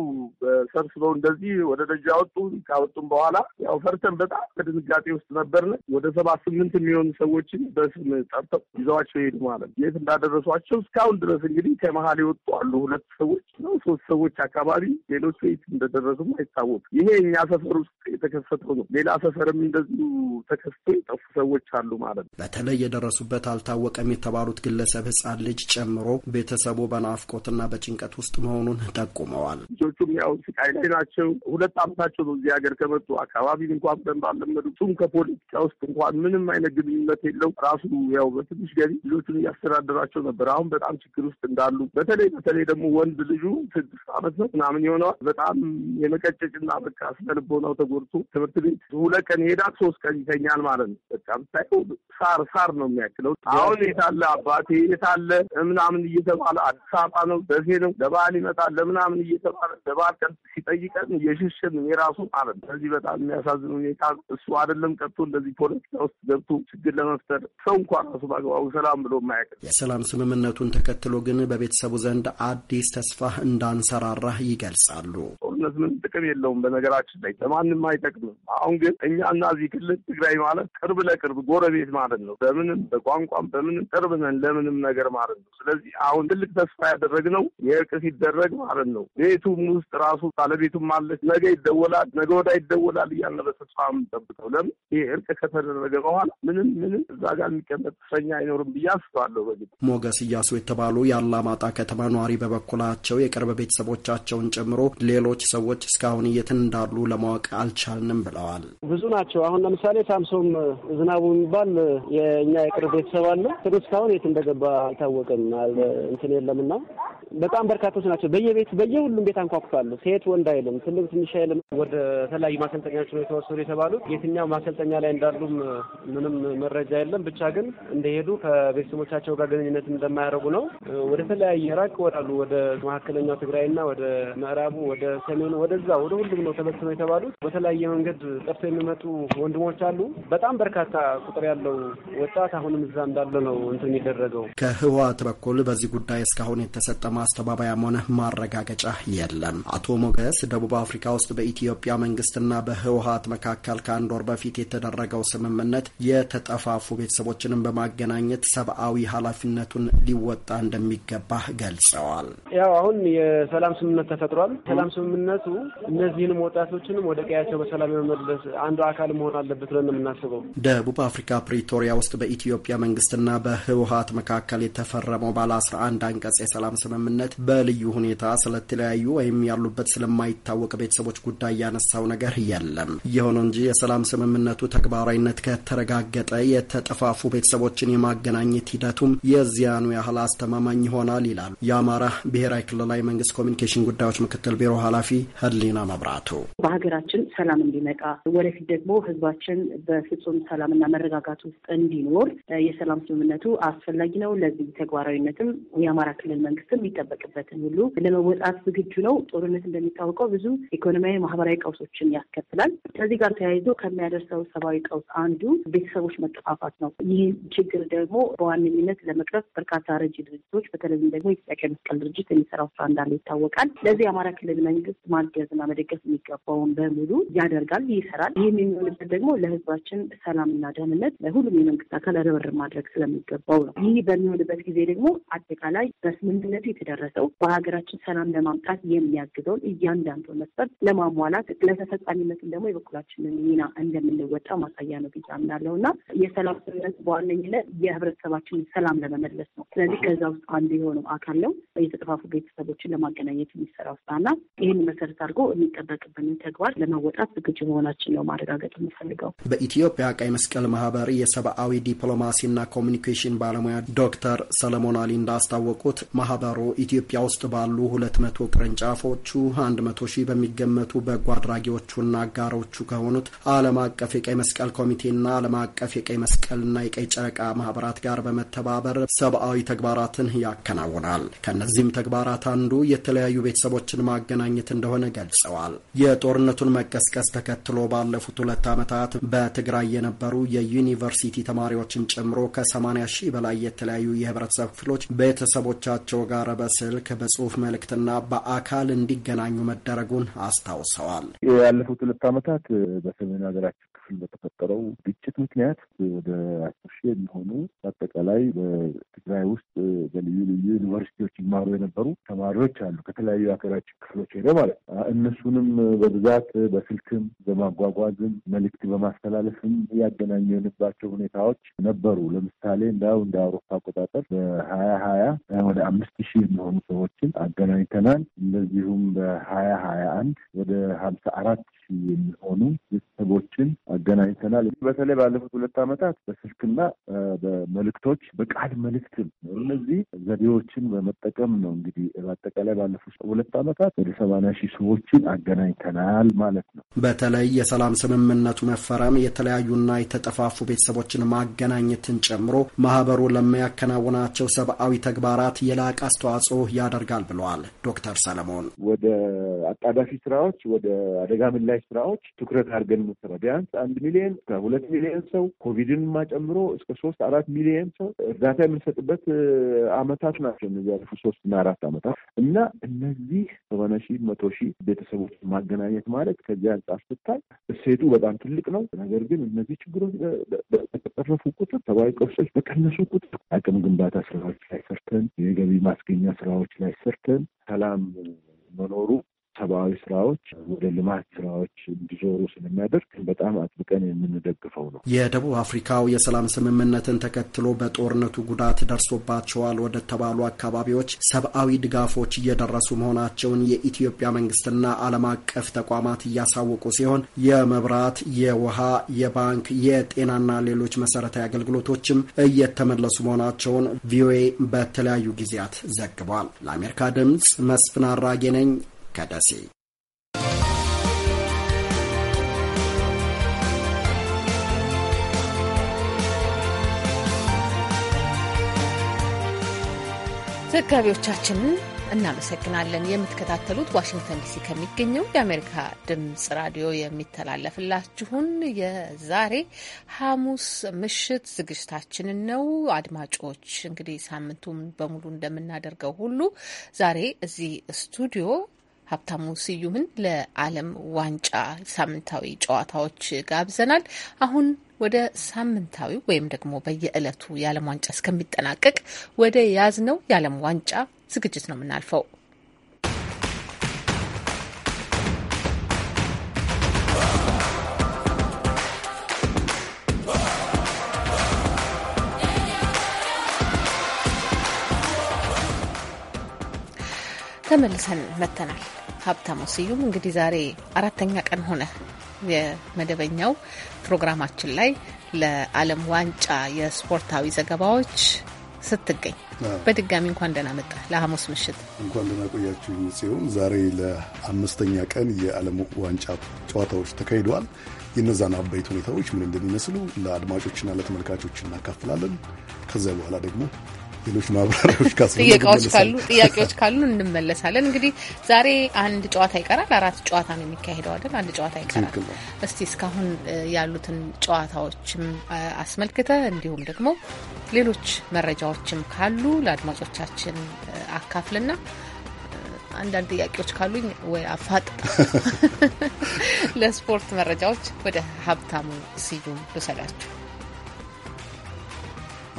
ሰብስበው እንደዚህ ወደ ደጃ ወጡ። ካወጡም በኋላ ያው ፈርተን በጣም በድንጋጤ ውስጥ ነበርን። ወደ ሰባት ስምንት የሚሆኑ ሰዎችን በስም ጠርተው ይዘዋቸው ይሄዱ ማለት ነው። የት እንዳደረሷቸው እስካሁን ድረስ እንግዲህ ከመሀል የወጡ አሉ። ሁለት ሰዎች ነው ሶስት ሰዎች አካባቢ፣ ሌሎቹ ቤት እንደደረሱም አይታወቅም። ይሄ እኛ ሰፈር ውስጥ የተከሰተው ነው። ሌላ ሰፈርም እንደዚሁ ተከስቶ የጠፉ ሰዎች አሉ ማለት ነው። በተለይ የደረሱበት አልታወቀም የተባሉት ግለሰብ ህጻን ልጅ ጨምሮ ቤተሰቡ በናፍቆትና በጭንቀት ውስጥ መሆኑን ጠቁመዋል። ልጆቹም ያው ስቃይ ላይ ናቸው። ሁለት አመታቸው ነው እዚህ ሀገር ከመጡ አካባቢ እንኳን በደንብ አለመዱ እሱም ከፖለቲካ ውስጥ እንኳን ምንም አይነት ግንኙነት የለው። ራሱ ያው በትንሽ ገቢ ልጆቹን እያስተዳደራቸው ነበር። አሁን በጣም ችግር ውስጥ እንዳሉ በተለይ በተለይ ደግሞ ወንድ ልጁ ስድስት ዓመት ነው ምናምን የሆነዋል። በጣም የመቀጨጭና በቃ ስለልቦ ነው ተጎድቶ ትምህርት ቤት ሁለት ቀን ይሄዳል፣ ሶስት ቀን ይተኛል ማለት ነው። በቃ ብታየው ሳር ሳር ነው የሚያክለው። አሁን የታለ አባቴ የታለ ምናምን እየተባለ አዲስ አበባ ነው ደሴ ነው ለበዓል ይመጣል ለምናምን እየተባለ ለበዓል ቀን ሲጠይቀን የሽሽን የራሱ ማለት ነው። ስለዚህ በጣም የሚያሳዝን ሁኔታ እሱ አይደለም ቀጥቶ እንደዚህ ፖለቲካ ውስጥ ገብቶ ችግር ለመፍጠር ሰው እንኳ ራሱ በአግባቡ ሰላም ብሎ የማያውቅ የሰላም ስምምነቱን ተከትሎ ግን በቤተሰብ በህብረተሰቡ ዘንድ አዲስ ተስፋ እንዳንሰራራ ይገልጻሉ። ጦርነት ምን ጥቅም የለውም፣ በነገራችን ላይ ለማንም አይጠቅምም። አሁን ግን እኛ እና እዚህ ክልል ትግራይ ማለት ቅርብ ለቅርብ ጎረቤት ማለት ነው። በምንም በቋንቋም በምንም ቅርብ ነን ለምንም ነገር ማለት ነው። ስለዚህ አሁን ትልቅ ተስፋ ያደረግነው የእርቅ ሲደረግ ማለት ነው። ቤቱም ውስጥ ራሱ ባለቤቱም አለች። ነገ ይደወላል፣ ነገ ወዳ ይደወላል እያለ በተስፋ የምንጠብቀው ለምን ይህ እርቅ ከተደረገ በኋላ ምንም ምንም እዛ ጋር የሚቀመጥ እስረኛ አይኖርም ብዬ አስባለሁ። በግ ሞገስ እያሱ የተባሉ የአላማጣ ከተማ ነዋሪ በበኩላቸው የቅርብ ቤተሰቦቻቸውን ጨምሮ ሌሎች ሰዎች እስካሁን እየትን እንዳሉ ለማወቅ አልቻልንም ብለዋል። ብዙ ናቸው። አሁን ለምሳሌ ሳምሶም ዝናቡ የሚባል የእኛ የቅርብ ቤተሰብ አለ። እስካሁን የት እንደገባ አልታወቅም። እንትን የለምና በጣም በርካቶች ናቸው። በየቤት በየሁሉም ቤት አንኳኩታሉ። ሴት ወንድ አይልም፣ ትልቅ ትንሽ አይልም። ወደ ተለያዩ ማሰልጠኛዎች ነው የተወሰዱ የተባሉት። የትኛው ማሰልጠኛ ላይ እንዳሉም ምንም መረጃ የለም። ብቻ ግን እንደሄዱ ከቤተሰቦቻቸው ጋር ግንኙነት እንደማያደርጉ ነው። ወደ ተለያየ ራቅ ወዳሉ ወደ መካከለኛው ትግራይና ወደ ምዕራቡ፣ ወደ ሰሜኑ፣ ወደዛ ወደ ሁሉም ነው ተበትነው የተባሉት። በተለያየ መንገድ ጠርቶ የሚመጡ ወንድሞች አሉ። በጣም በርካታ ቁጥር ያለው ወጣት አሁንም እዛ እንዳለ ነው እንትን የሚደረገው። ከህወሓት በኩል በዚህ ጉዳይ እስካሁን የተሰጠ ማስተባበያም ሆነ ማረጋገጫ የለም። አቶ ሞገስ ደቡብ አፍሪካ ውስጥ በኢትዮጵያ መንግስትና በህወሓት መካከል ከአንድ ወር በፊት የተደረገው ስምምነት የተጠፋፉ ቤተሰቦችንም በማገናኘት ሰብአዊ ኃላፊነቱን ሊወጣ እንደሚገባ ገልጸዋል። ያው አሁን የሰላም ስምምነት ተፈጥሯል። ሰላም ስምምነቱ እነዚህንም ወጣቶችንም ወደ ቀያቸው በሰላም የመመለስ አንዱ አካል መሆን አለበት ብለን የምናስበው ደቡብ አፍሪካ ፕሪቶሪያ ውስጥ በኢትዮጵያ መንግስትና በህወሀት መካከል የተፈረመው ባለ አስራ አንድ አንቀጽ የሰላም ስምምነት በልዩ ሁኔታ ስለተለያዩ ወይም ያሉበት ስለማይታወቅ ቤተሰቦች ጉዳይ ያነሳው ነገር የለም። የሆነ እንጂ የሰላም ስምምነቱ ተግባራዊነት ከተረጋገጠ የተጠፋፉ ቤተሰቦችን የማገናኘት ሂደቱም የዚያኑ ያህል አስተማማኝ ይሆናል ይላል ይገኛሉ። የአማራ ብሔራዊ ክልላዊ መንግስት ኮሚኒኬሽን ጉዳዮች ምክትል ቢሮ ኃላፊ ህሊና መብራቱ በሀገራችን ሰላም እንዲመጣ ወደፊት ደግሞ ህዝባችን በፍጹም ሰላምና መረጋጋት ውስጥ እንዲኖር የሰላም ስምምነቱ አስፈላጊ ነው። ለዚህ ተግባራዊነትም የአማራ ክልል መንግስትም የሚጠበቅበትን ሁሉ ለመወጣት ዝግጁ ነው። ጦርነት እንደሚታወቀው ብዙ ኢኮኖሚያዊ፣ ማህበራዊ ቀውሶችን ያስከትላል። ከዚህ ጋር ተያይዞ ከሚያደርሰው ሰብአዊ ቀውስ አንዱ ቤተሰቦች መጠፋፋት ነው። ይህ ችግር ደግሞ በዋነኝነት ለመቅረፍ በርካታ ረጅ ድርጅቶች በተለይም ደግሞ የኢትዮጵያ ኬሚካል ድርጅት የሚሰራው ስራ እንዳለ ይታወቃል። ለዚህ የአማራ ክልል መንግስት ማገዝና መደገፍ የሚገባውን በሙሉ ያደርጋል፣ ይሰራል። ይህም የሚሆንበት ደግሞ ለህዝባችን ሰላምና ደህንነት ለሁሉም የመንግስት አካል ርብርብ ማድረግ ስለሚገባው ነው። ይህ በሚሆንበት ጊዜ ደግሞ አጠቃላይ በስምምነቱ የተደረሰው በሀገራችን ሰላም ለማምጣት የሚያግዘውን እያንዳንዱ መስፈርት ለማሟላት ለተፈጻሚነቱን ደግሞ የበኩላችንን ሚና እንደምንወጣ ማሳያ ነው ብዬ አምናለሁ እና የሰላም ስምምነት በዋነኝነት የህብረተሰባችንን ሰላም ለመመለስ ነው። ስለዚህ ከዛ ውስጥ አንዱ የሆነው አካል ካለው የተጠፋፉ ቤተሰቦችን ለማገናኘት የሚሰራው ስራና ይህን መሰረት አድርጎ የሚጠበቅብንን ተግባር ለመወጣት ዝግጁ መሆናችን ነው ማረጋገጥ የምፈልገው። በኢትዮጵያ ቀይ መስቀል ማህበር የሰብአዊ ዲፕሎማሲና ኮሚኒኬሽን ባለሙያ ዶክተር ሰለሞን አሊ እንዳስታወቁት ማህበሩ ኢትዮጵያ ውስጥ ባሉ ሁለት መቶ ቅርንጫፎቹ አንድ መቶ ሺህ በሚገመቱ በጎ አድራጊዎቹና አጋሮቹ ከሆኑት ዓለም አቀፍ የቀይ መስቀል ኮሚቴና ዓለም አቀፍ የቀይ መስቀልና የቀይ ጨረቃ ማህበራት ጋር በመተባበር ሰብአዊ ተግባራትን ያከናውናል። ይገኛል። ከእነዚህም ተግባራት አንዱ የተለያዩ ቤተሰቦችን ማገናኘት እንደሆነ ገልጸዋል። የጦርነቱን መቀስቀስ ተከትሎ ባለፉት ሁለት ዓመታት በትግራይ የነበሩ የዩኒቨርሲቲ ተማሪዎችን ጨምሮ ከ80 ሺህ በላይ የተለያዩ የህብረተሰብ ክፍሎች ቤተሰቦቻቸው ጋር በስልክ በጽሁፍ መልእክትና በአካል እንዲገናኙ መደረጉን አስታውሰዋል። ያለፉት ሁለት ዓመታት በሰሜን ሀገራችን መካከል በተፈጠረው ግጭት ምክንያት ወደ አስር ሺህ የሚሆኑ በአጠቃላይ በትግራይ ውስጥ በልዩ ልዩ ዩኒቨርሲቲዎች ይማሩ የነበሩ ተማሪዎች አሉ፣ ከተለያዩ የሀገራችን ክፍሎች ሄደ ማለት ነው። እነሱንም በብዛት በስልክም በማጓጓዝም መልእክት በማስተላለፍም ያገናኘንባቸው ሁኔታዎች ነበሩ። ለምሳሌ እንዳው እንደ አውሮፓ አቆጣጠር በሀያ ሀያ ወደ አምስት ሺህ የሚሆኑ ሰዎችን አገናኝተናል። እንደዚሁም በሀያ ሀያ አንድ ወደ ሀምሳ አራት ሺህ የሚሆኑ ቤተሰቦችን አገናኝተናል። በተለይ ባለፉት ሁለት ዓመታት በስልክና በመልእክቶች በቃል መልእክትም እነዚህ ዘዴዎችን በመጠቀም ነው እንግዲህ በአጠቃላይ ባለፉት ሁለት ዓመታት ወደ ሰማንያ ሺህ ሰዎችን አገናኝተናል ማለት ነው። በተለይ የሰላም ስምምነቱ መፈረም የተለያዩና የተጠፋፉ ቤተሰቦችን ማገናኘትን ጨምሮ ማህበሩ ለሚያከናውናቸው ሰብአዊ ተግባራት የላቀ አስተዋጽኦ ያደርጋል ብለዋል ዶክተር ሰለሞን። ወደ አጣዳፊ ስራዎች፣ ወደ አደጋ ምላሽ ስራዎች ትኩረት አድርገን የምንሰራ ቢያንስ አንድ ሚሊዮን ከሁለት ሚሊዮን ሰው ኮቪድን ጨምሮ እስከ ሶስት አራት ሚሊዮን ሰው እርዳታ የምንሰጥበት አመታት ናቸው እነዚህ ያለፉ ሶስት እና አራት አመታት እና እነዚህ ሰባና ሺህ መቶ ሺህ ቤተሰቦች ማገናኘት ማለት ከዚህ አንጻር ስታይ እሴቱ በጣም ትልቅ ነው። ነገር ግን እነዚህ ችግሮች በተቀረፉ ቁጥር፣ ሰብአዊ ቀውሶች በቀነሱ ቁጥር አቅም ግንባታ ስራዎች ላይ ሰርተን የገቢ ማስገኛ ስራዎች ላይ ሰርተን ሰላም መኖሩ ሰብአዊ ስራዎች ወደ ልማት ስራዎች እንዲዞሩ ስለሚያደርግ በጣም አጥብቀን የምንደግፈው ነው። የደቡብ አፍሪካው የሰላም ስምምነትን ተከትሎ በጦርነቱ ጉዳት ደርሶባቸዋል ወደ ተባሉ አካባቢዎች ሰብአዊ ድጋፎች እየደረሱ መሆናቸውን የኢትዮጵያ መንግስትና ዓለም አቀፍ ተቋማት እያሳወቁ ሲሆን የመብራት፣ የውሃ፣ የባንክ፣ የጤናና ሌሎች መሰረታዊ አገልግሎቶችም እየተመለሱ መሆናቸውን ቪኦኤ በተለያዩ ጊዜያት ዘግቧል። ለአሜሪካ ድምጽ መስፍን አራጌ ነኝ። ዳሴ ዘጋቢዎቻችንን እናመሰግናለን። የምትከታተሉት ዋሽንግተን ዲሲ ከሚገኘው የአሜሪካ ድምጽ ራዲዮ የሚተላለፍላችሁን የዛሬ ሐሙስ ምሽት ዝግጅታችንን ነው። አድማጮች እንግዲህ ሳምንቱን በሙሉ እንደምናደርገው ሁሉ ዛሬ እዚህ ስቱዲዮ ሀብታሙ ስዩምን ለዓለም ዋንጫ ሳምንታዊ ጨዋታዎች ጋብዘናል። አሁን ወደ ሳምንታዊ ወይም ደግሞ በየዕለቱ የዓለም ዋንጫ እስከሚጠናቀቅ ወደ ያዝነው የዓለም ዋንጫ ዝግጅት ነው የምናልፈው። ተመልሰን መጥተናል። ሀብታሙ ስዩም እንግዲህ ዛሬ አራተኛ ቀን ሆነ የመደበኛው ፕሮግራማችን ላይ ለዓለም ዋንጫ የስፖርታዊ ዘገባዎች ስትገኝ በድጋሚ እንኳን ደህና መጣ። ለሐሙስ ምሽት እንኳን ደህና ቆያችሁ ሲሆን ዛሬ ለአምስተኛ ቀን የዓለም ዋንጫ ጨዋታዎች ተካሂደዋል። የነዛን አበይት ሁኔታዎች ምን እንደሚመስሉ ለአድማጮችና ለተመልካቾች እናካፍላለን። ከዚያ በኋላ ደግሞ ሌሎች ማብራሪያዎች ጥያቄዎች ካሉ ጥያቄዎች ካሉ እንመለሳለን። እንግዲህ ዛሬ አንድ ጨዋታ ይቀራል። አራት ጨዋታ ነው የሚካሄደው አይደል? አንድ ጨዋታ ይቀራል። እስቲ እስካሁን ያሉትን ጨዋታዎችም አስመልክተ እንዲሁም ደግሞ ሌሎች መረጃዎችም ካሉ ለአድማጮቻችን አካፍልና አንዳንድ ጥያቄዎች ካሉኝ ወይ አፋጥ [LAUGHS] ለስፖርት መረጃዎች ወደ ሀብታሙ ስዩም ልውሰዳችሁ።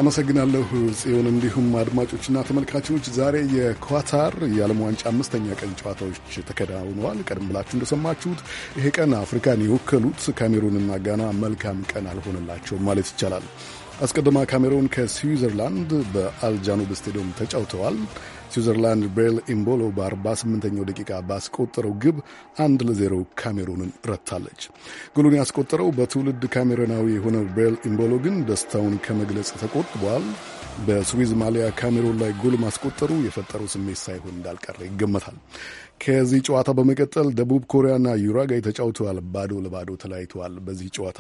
አመሰግናለሁ ጽዮን። እንዲሁም አድማጮችና ተመልካቾች ዛሬ የኳታር የዓለም ዋንጫ አምስተኛ ቀን ጨዋታዎች ተከናውነዋል። ቀደም ብላችሁ እንደሰማችሁት ይሄ ቀን አፍሪካን የወከሉት ካሜሩንና ጋና መልካም ቀን አልሆነላቸውም ማለት ይቻላል። አስቀድማ ካሜሩን ከስዊዘርላንድ በአልጃኑብ ስቴዲየም ተጫውተዋል። ስዊዘርላንድ ቤል ኢምቦሎ በ48ኛው ደቂቃ ባስቆጠረው ግብ አንድ ለዜሮ ካሜሩንን ረታለች። ጎሉን ያስቆጠረው በትውልድ ካሜሮናዊ የሆነው ቤል ኢምቦሎ ግን ደስታውን ከመግለጽ ተቆጥቧል። በስዊዝ ማሊያ ካሜሮን ላይ ጎል ማስቆጠሩ የፈጠረው ስሜት ሳይሆን እንዳልቀረ ይገመታል። ከዚህ ጨዋታ በመቀጠል ደቡብ ኮሪያና ዩራጋይ ተጫውተዋል። ባዶ ለባዶ ተለያይተዋል። በዚህ ጨዋታ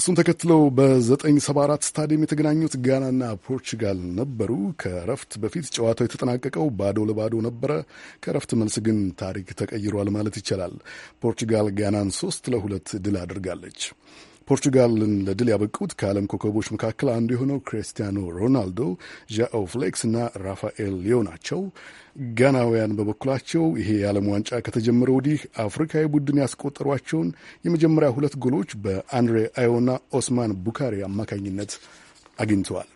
እሱን ተከትለው በ974 ስታዲየም የተገናኙት ጋናና ፖርቹጋል ነበሩ። ከረፍት በፊት ጨዋታው የተጠናቀቀው ባዶ ለባዶ ነበረ። ከረፍት መልስ ግን ታሪክ ተቀይሯል ማለት ይቻላል። ፖርቹጋል ጋናን ሶስት ለሁለት ድል አድርጋለች። ፖርቹጋልን ለድል ያበቁት ከዓለም ኮከቦች መካከል አንዱ የሆነው ክሪስቲያኖ ሮናልዶ፣ ዣኦ ፍሌክስ እና ራፋኤል ሊዮ ናቸው። ጋናውያን በበኩላቸው ይሄ የዓለም ዋንጫ ከተጀመረ ወዲህ አፍሪካዊ ቡድን ያስቆጠሯቸውን የመጀመሪያ ሁለት ጎሎች በአንድሬ አዮና ኦስማን ቡካሪ አማካኝነት አግኝተዋል።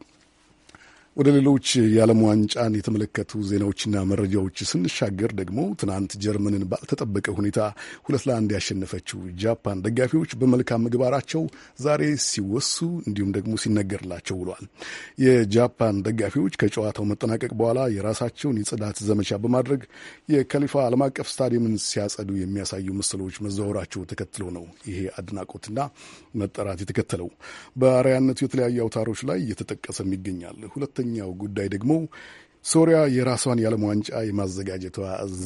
ወደ ሌሎች የዓለም ዋንጫን የተመለከቱ ዜናዎችና መረጃዎች ስንሻገር ደግሞ ትናንት ጀርመንን ባልተጠበቀ ሁኔታ ሁለት ለአንድ ያሸነፈችው ጃፓን ደጋፊዎች በመልካም ምግባራቸው ዛሬ ሲወሱ እንዲሁም ደግሞ ሲነገርላቸው ውሏል። የጃፓን ደጋፊዎች ከጨዋታው መጠናቀቅ በኋላ የራሳቸውን የጽዳት ዘመቻ በማድረግ የከሊፋ ዓለም አቀፍ ስታዲየምን ሲያጸዱ የሚያሳዩ ምስሎች መዘዋወራቸው ተከትሎ ነው ይሄ አድናቆትና መጠራት የተከተለው። በአርአያነቱ የተለያዩ አውታሮች ላይ እየተጠቀሰም ይገኛል። ሁለተኛው ጉዳይ ደግሞ ሶሪያ የራሷን የዓለም ዋንጫ የማዘጋጀቷ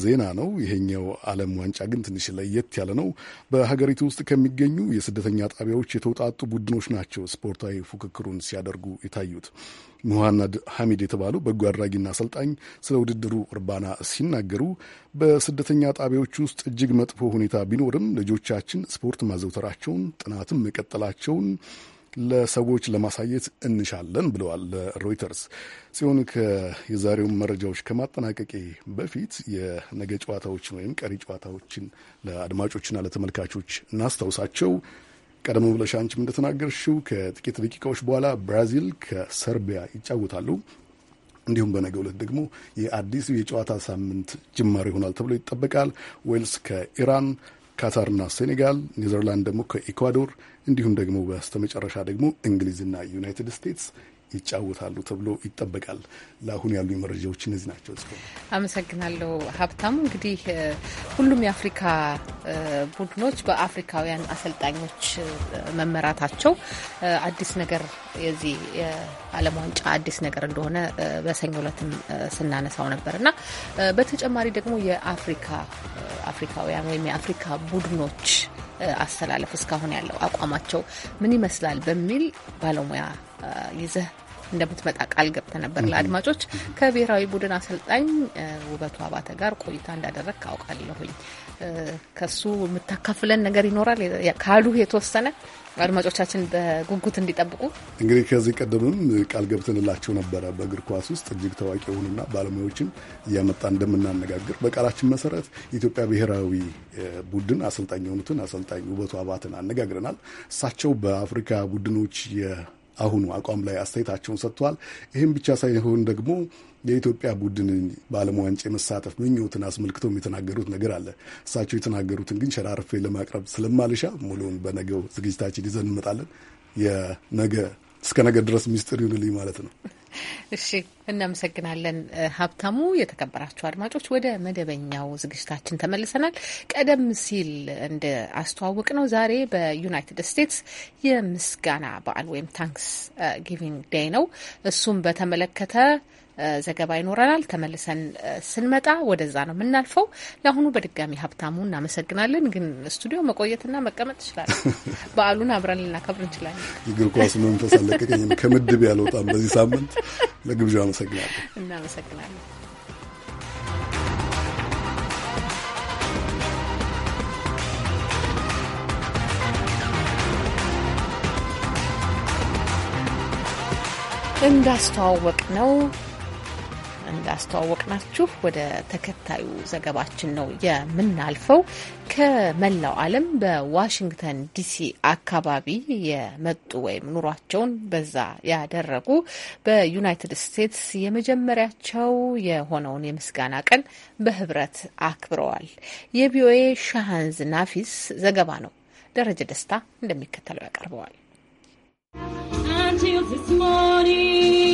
ዜና ነው። ይሄኛው ዓለም ዋንጫ ግን ትንሽ ለየት ያለ ነው። በሀገሪቱ ውስጥ ከሚገኙ የስደተኛ ጣቢያዎች የተውጣጡ ቡድኖች ናቸው ስፖርታዊ ፉክክሩን ሲያደርጉ የታዩት። ሙሐናድ ሐሚድ የተባሉ በጎ አድራጊና አሰልጣኝ ስለ ውድድሩ እርባና ሲናገሩ በስደተኛ ጣቢያዎች ውስጥ እጅግ መጥፎ ሁኔታ ቢኖርም ልጆቻችን ስፖርት ማዘውተራቸውን ጥናትም መቀጠላቸውን ለሰዎች ለማሳየት እንሻለን ብለዋል ሮይተርስ። ሲሆን የዛሬውን መረጃዎች ከማጠናቀቄ በፊት የነገ ጨዋታዎችን ወይም ቀሪ ጨዋታዎችን ለአድማጮችና ለተመልካቾች እናስታውሳቸው። ቀደም ብለሽ አንቺም እንደተናገርሽው ከጥቂት ደቂቃዎች በኋላ ብራዚል ከሰርቢያ ይጫወታሉ። እንዲሁም በነገ ዕለት ደግሞ የአዲሱ የጨዋታ ሳምንት ጅማሬ ይሆናል ተብሎ ይጠበቃል። ዌልስ ከኢራን ካታርና ሴኔጋል፣ ኔዘርላንድ ደግሞ ከኢኳዶር እንዲሁም ደግሞ በስተመጨረሻ ደግሞ እንግሊዝና ዩናይትድ ስቴትስ ይጫወታሉ ተብሎ ይጠበቃል። ለአሁን ያሉ መረጃዎች እነዚህ ናቸው። አመሰግናለሁ ሀብታሙ። እንግዲህ ሁሉም የአፍሪካ ቡድኖች በአፍሪካውያን አሰልጣኞች መመራታቸው አዲስ ነገር የዚህ የዓለም ዋንጫ አዲስ ነገር እንደሆነ በሰኞ ዕለትም ስናነሳው ነበር እና በተጨማሪ ደግሞ የአፍሪካ አፍሪካውያን ወይም የአፍሪካ ቡድኖች አሰላለፍ እስካሁን ያለው አቋማቸው ምን ይመስላል በሚል ባለሙያ ይዘህ እንደምትመጣ ቃል ገብተ ነበር ለአድማጮች። ከብሔራዊ ቡድን አሰልጣኝ ውበቱ አባተ ጋር ቆይታ እንዳደረግ ካውቃለሁኝ። ከሱ የምታካፍለን ነገር ይኖራል ካሉ የተወሰነ አድማጮቻችን በጉጉት እንዲጠብቁ እንግዲህ ከዚህ ቀደምም ቃል ገብተንላቸው ነበረ። በእግር ኳስ ውስጥ እጅግ ታዋቂ የሆኑና ባለሙያዎችን እያመጣ እንደምናነጋግር በቃላችን መሰረት የኢትዮጵያ ብሔራዊ ቡድን አሰልጣኝ የሆኑትን አሰልጣኝ ውበቱ አባትን አነጋግረናል። እሳቸው በአፍሪካ ቡድኖች አሁኑ አቋም ላይ አስተያየታቸውን ሰጥተዋል። ይህም ብቻ ሳይሆን ደግሞ የኢትዮጵያ ቡድን በዓለም ዋንጫ የመሳተፍ ምኞትን አስመልክተውም የተናገሩት ነገር አለ። እሳቸው የተናገሩትን ግን ሸራርፌ ለማቅረብ ስለማልሻ ሙሉውን በነገው ዝግጅታችን ይዘን እንመጣለን። የነገ እስከ ነገ ድረስ ሚስጥር ይሁንልኝ ማለት ነው። እሺ፣ እናመሰግናለን ሀብታሙ። የተከበራችሁ አድማጮች ወደ መደበኛው ዝግጅታችን ተመልሰናል። ቀደም ሲል እንደ አስተዋወቅ ነው ዛሬ በዩናይትድ ስቴትስ የምስጋና በዓል ወይም ታንክስ ጊቪንግ ዴይ ነው። እሱም በተመለከተ ዘገባ ይኖረናል። ተመልሰን ስንመጣ ወደዛ ነው የምናልፈው። ለአሁኑ በድጋሚ ሀብታሙ እናመሰግናለን። ግን ስቱዲዮ መቆየትና መቀመጥ ይችላል። [LAUGHS] በዓሉን አብረን ልናከብር እንችላለን። እግር ኳስ መንፈስ አለቀቀኝም። ከምድብ ያልወጣም በዚህ ሳምንት ለግብዣ አመሰግናለን። እናመሰግናለን። እንዳስተዋወቅ ነው እንዳስተዋወቅናችሁ ወደ ተከታዩ ዘገባችን ነው የምናልፈው። ከመላው ዓለም በዋሽንግተን ዲሲ አካባቢ የመጡ ወይም ኑሯቸውን በዛ ያደረጉ በዩናይትድ ስቴትስ የመጀመሪያቸው የሆነውን የምስጋና ቀን በህብረት አክብረዋል። የቪኦኤ ሻሃንዝ ናፊስ ዘገባ ነው። ደረጀ ደስታ እንደሚከተለው ያቀርበዋል። Until this morning.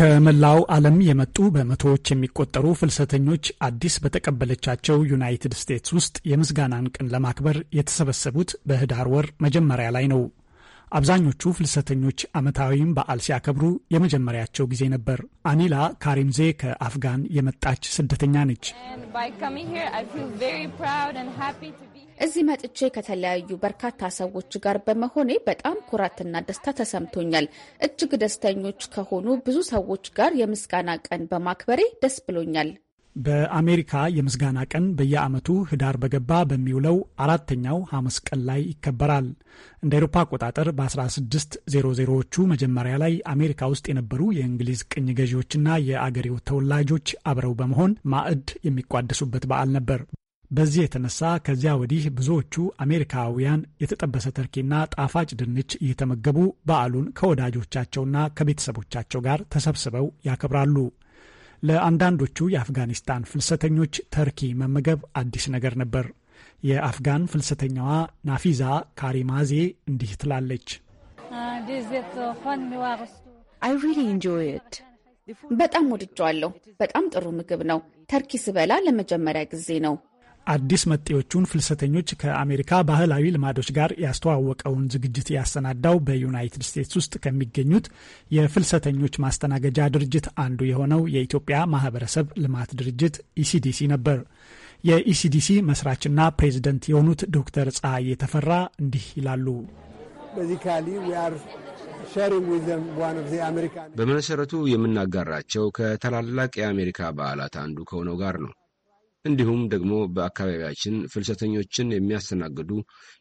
ከመላው ዓለም የመጡ በመቶዎች የሚቆጠሩ ፍልሰተኞች አዲስ በተቀበለቻቸው ዩናይትድ ስቴትስ ውስጥ የምስጋናን ቀን ለማክበር የተሰበሰቡት በህዳር ወር መጀመሪያ ላይ ነው። አብዛኞቹ ፍልሰተኞች ዓመታዊም በዓል ሲያከብሩ የመጀመሪያቸው ጊዜ ነበር። አኒላ ካሪምዜ ከአፍጋን የመጣች ስደተኛ ነች። እዚህ መጥቼ ከተለያዩ በርካታ ሰዎች ጋር በመሆኔ በጣም ኩራትና ደስታ ተሰምቶኛል። እጅግ ደስተኞች ከሆኑ ብዙ ሰዎች ጋር የምስጋና ቀን በማክበሬ ደስ ብሎኛል። በአሜሪካ የምስጋና ቀን በየዓመቱ ህዳር በገባ በሚውለው አራተኛው ሐሙስ ቀን ላይ ይከበራል። እንደ አውሮፓ አቆጣጠር በ1600ዎቹ መጀመሪያ ላይ አሜሪካ ውስጥ የነበሩ የእንግሊዝ ቅኝ ገዢዎችና የአገሬው ተወላጆች አብረው በመሆን ማዕድ የሚቋደሱበት በዓል ነበር። በዚህ የተነሳ ከዚያ ወዲህ ብዙዎቹ አሜሪካውያን የተጠበሰ ተርኪና ጣፋጭ ድንች እየተመገቡ በዓሉን ከወዳጆቻቸውና ከቤተሰቦቻቸው ጋር ተሰብስበው ያከብራሉ። ለአንዳንዶቹ የአፍጋኒስታን ፍልሰተኞች ተርኪ መመገብ አዲስ ነገር ነበር። የአፍጋን ፍልሰተኛዋ ናፊዛ ካሪማዜ እንዲህ ትላለች። በጣም ወድጀዋለሁ። በጣም ጥሩ ምግብ ነው። ተርኪ ስበላ ለመጀመሪያ ጊዜ ነው። አዲስ መጤዎቹን ፍልሰተኞች ከአሜሪካ ባህላዊ ልማዶች ጋር ያስተዋወቀውን ዝግጅት ያሰናዳው በዩናይትድ ስቴትስ ውስጥ ከሚገኙት የፍልሰተኞች ማስተናገጃ ድርጅት አንዱ የሆነው የኢትዮጵያ ማህበረሰብ ልማት ድርጅት ኢሲዲሲ ነበር። የኢሲዲሲ መስራችና ፕሬዚደንት የሆኑት ዶክተር ፀሐይ የተፈራ እንዲህ ይላሉ። በመሰረቱ የምናጋራቸው ከታላላቅ የአሜሪካ በዓላት አንዱ ከሆነው ጋር ነው እንዲሁም ደግሞ በአካባቢያችን ፍልሰተኞችን የሚያስተናግዱ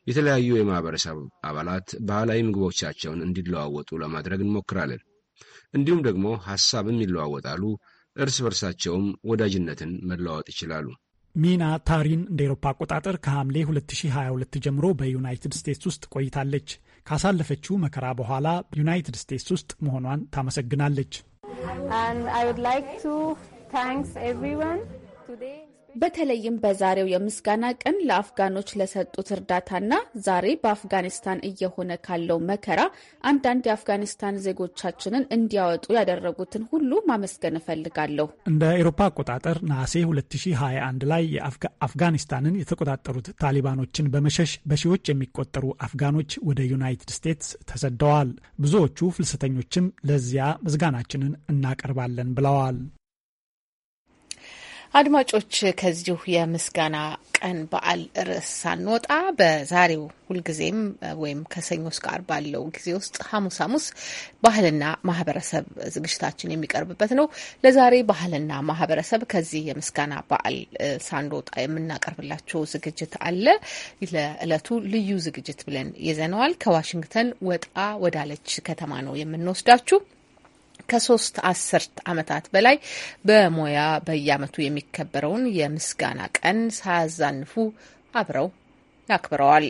የተለያዩ የማህበረሰብ አባላት ባህላዊ ምግቦቻቸውን እንዲለዋወጡ ለማድረግ እንሞክራለን። እንዲሁም ደግሞ ሐሳብም ይለዋወጣሉ፣ እርስ በርሳቸውም ወዳጅነትን መለዋወጥ ይችላሉ። ሚና ታሪን እንደ ኤሮፓ አቆጣጠር ከሐምሌ 2022 ጀምሮ በዩናይትድ ስቴትስ ውስጥ ቆይታለች። ካሳለፈችው መከራ በኋላ ዩናይትድ ስቴትስ ውስጥ መሆኗን ታመሰግናለች። በተለይም በዛሬው የምስጋና ቀን ለአፍጋኖች ለሰጡት እርዳታና ዛሬ በአፍጋኒስታን እየሆነ ካለው መከራ አንዳንድ የአፍጋኒስታን ዜጎቻችንን እንዲያወጡ ያደረጉትን ሁሉ ማመስገን እፈልጋለሁ። እንደ አውሮፓ አቆጣጠር ነሐሴ 2021 ላይ አፍጋኒስታንን የተቆጣጠሩት ታሊባኖችን በመሸሽ በሺዎች የሚቆጠሩ አፍጋኖች ወደ ዩናይትድ ስቴትስ ተሰደዋል። ብዙዎቹ ፍልሰተኞችም ለዚያ ምስጋናችንን እናቀርባለን ብለዋል። አድማጮች ከዚሁ የምስጋና ቀን በዓል ርዕስ ሳንወጣ በዛሬው ሁልጊዜም ወይም ከሰኞ እስከ ባለው ጊዜ ውስጥ ሐሙስ ሐሙስ ባህልና ማህበረሰብ ዝግጅታችን የሚቀርብበት ነው። ለዛሬ ባህልና ማህበረሰብ ከዚህ የምስጋና በዓል ሳንወጣ የምናቀርብላቸው ዝግጅት አለ። ለዕለቱ ልዩ ዝግጅት ብለን ይዘነዋል። ከዋሽንግተን ወጣ ወዳለች ከተማ ነው የምንወስዳችሁ። ከሶስት አስርት ዓመታት በላይ በሙያ በየዓመቱ የሚከበረውን የምስጋና ቀን ሳያዛንፉ አብረው አክብረዋል።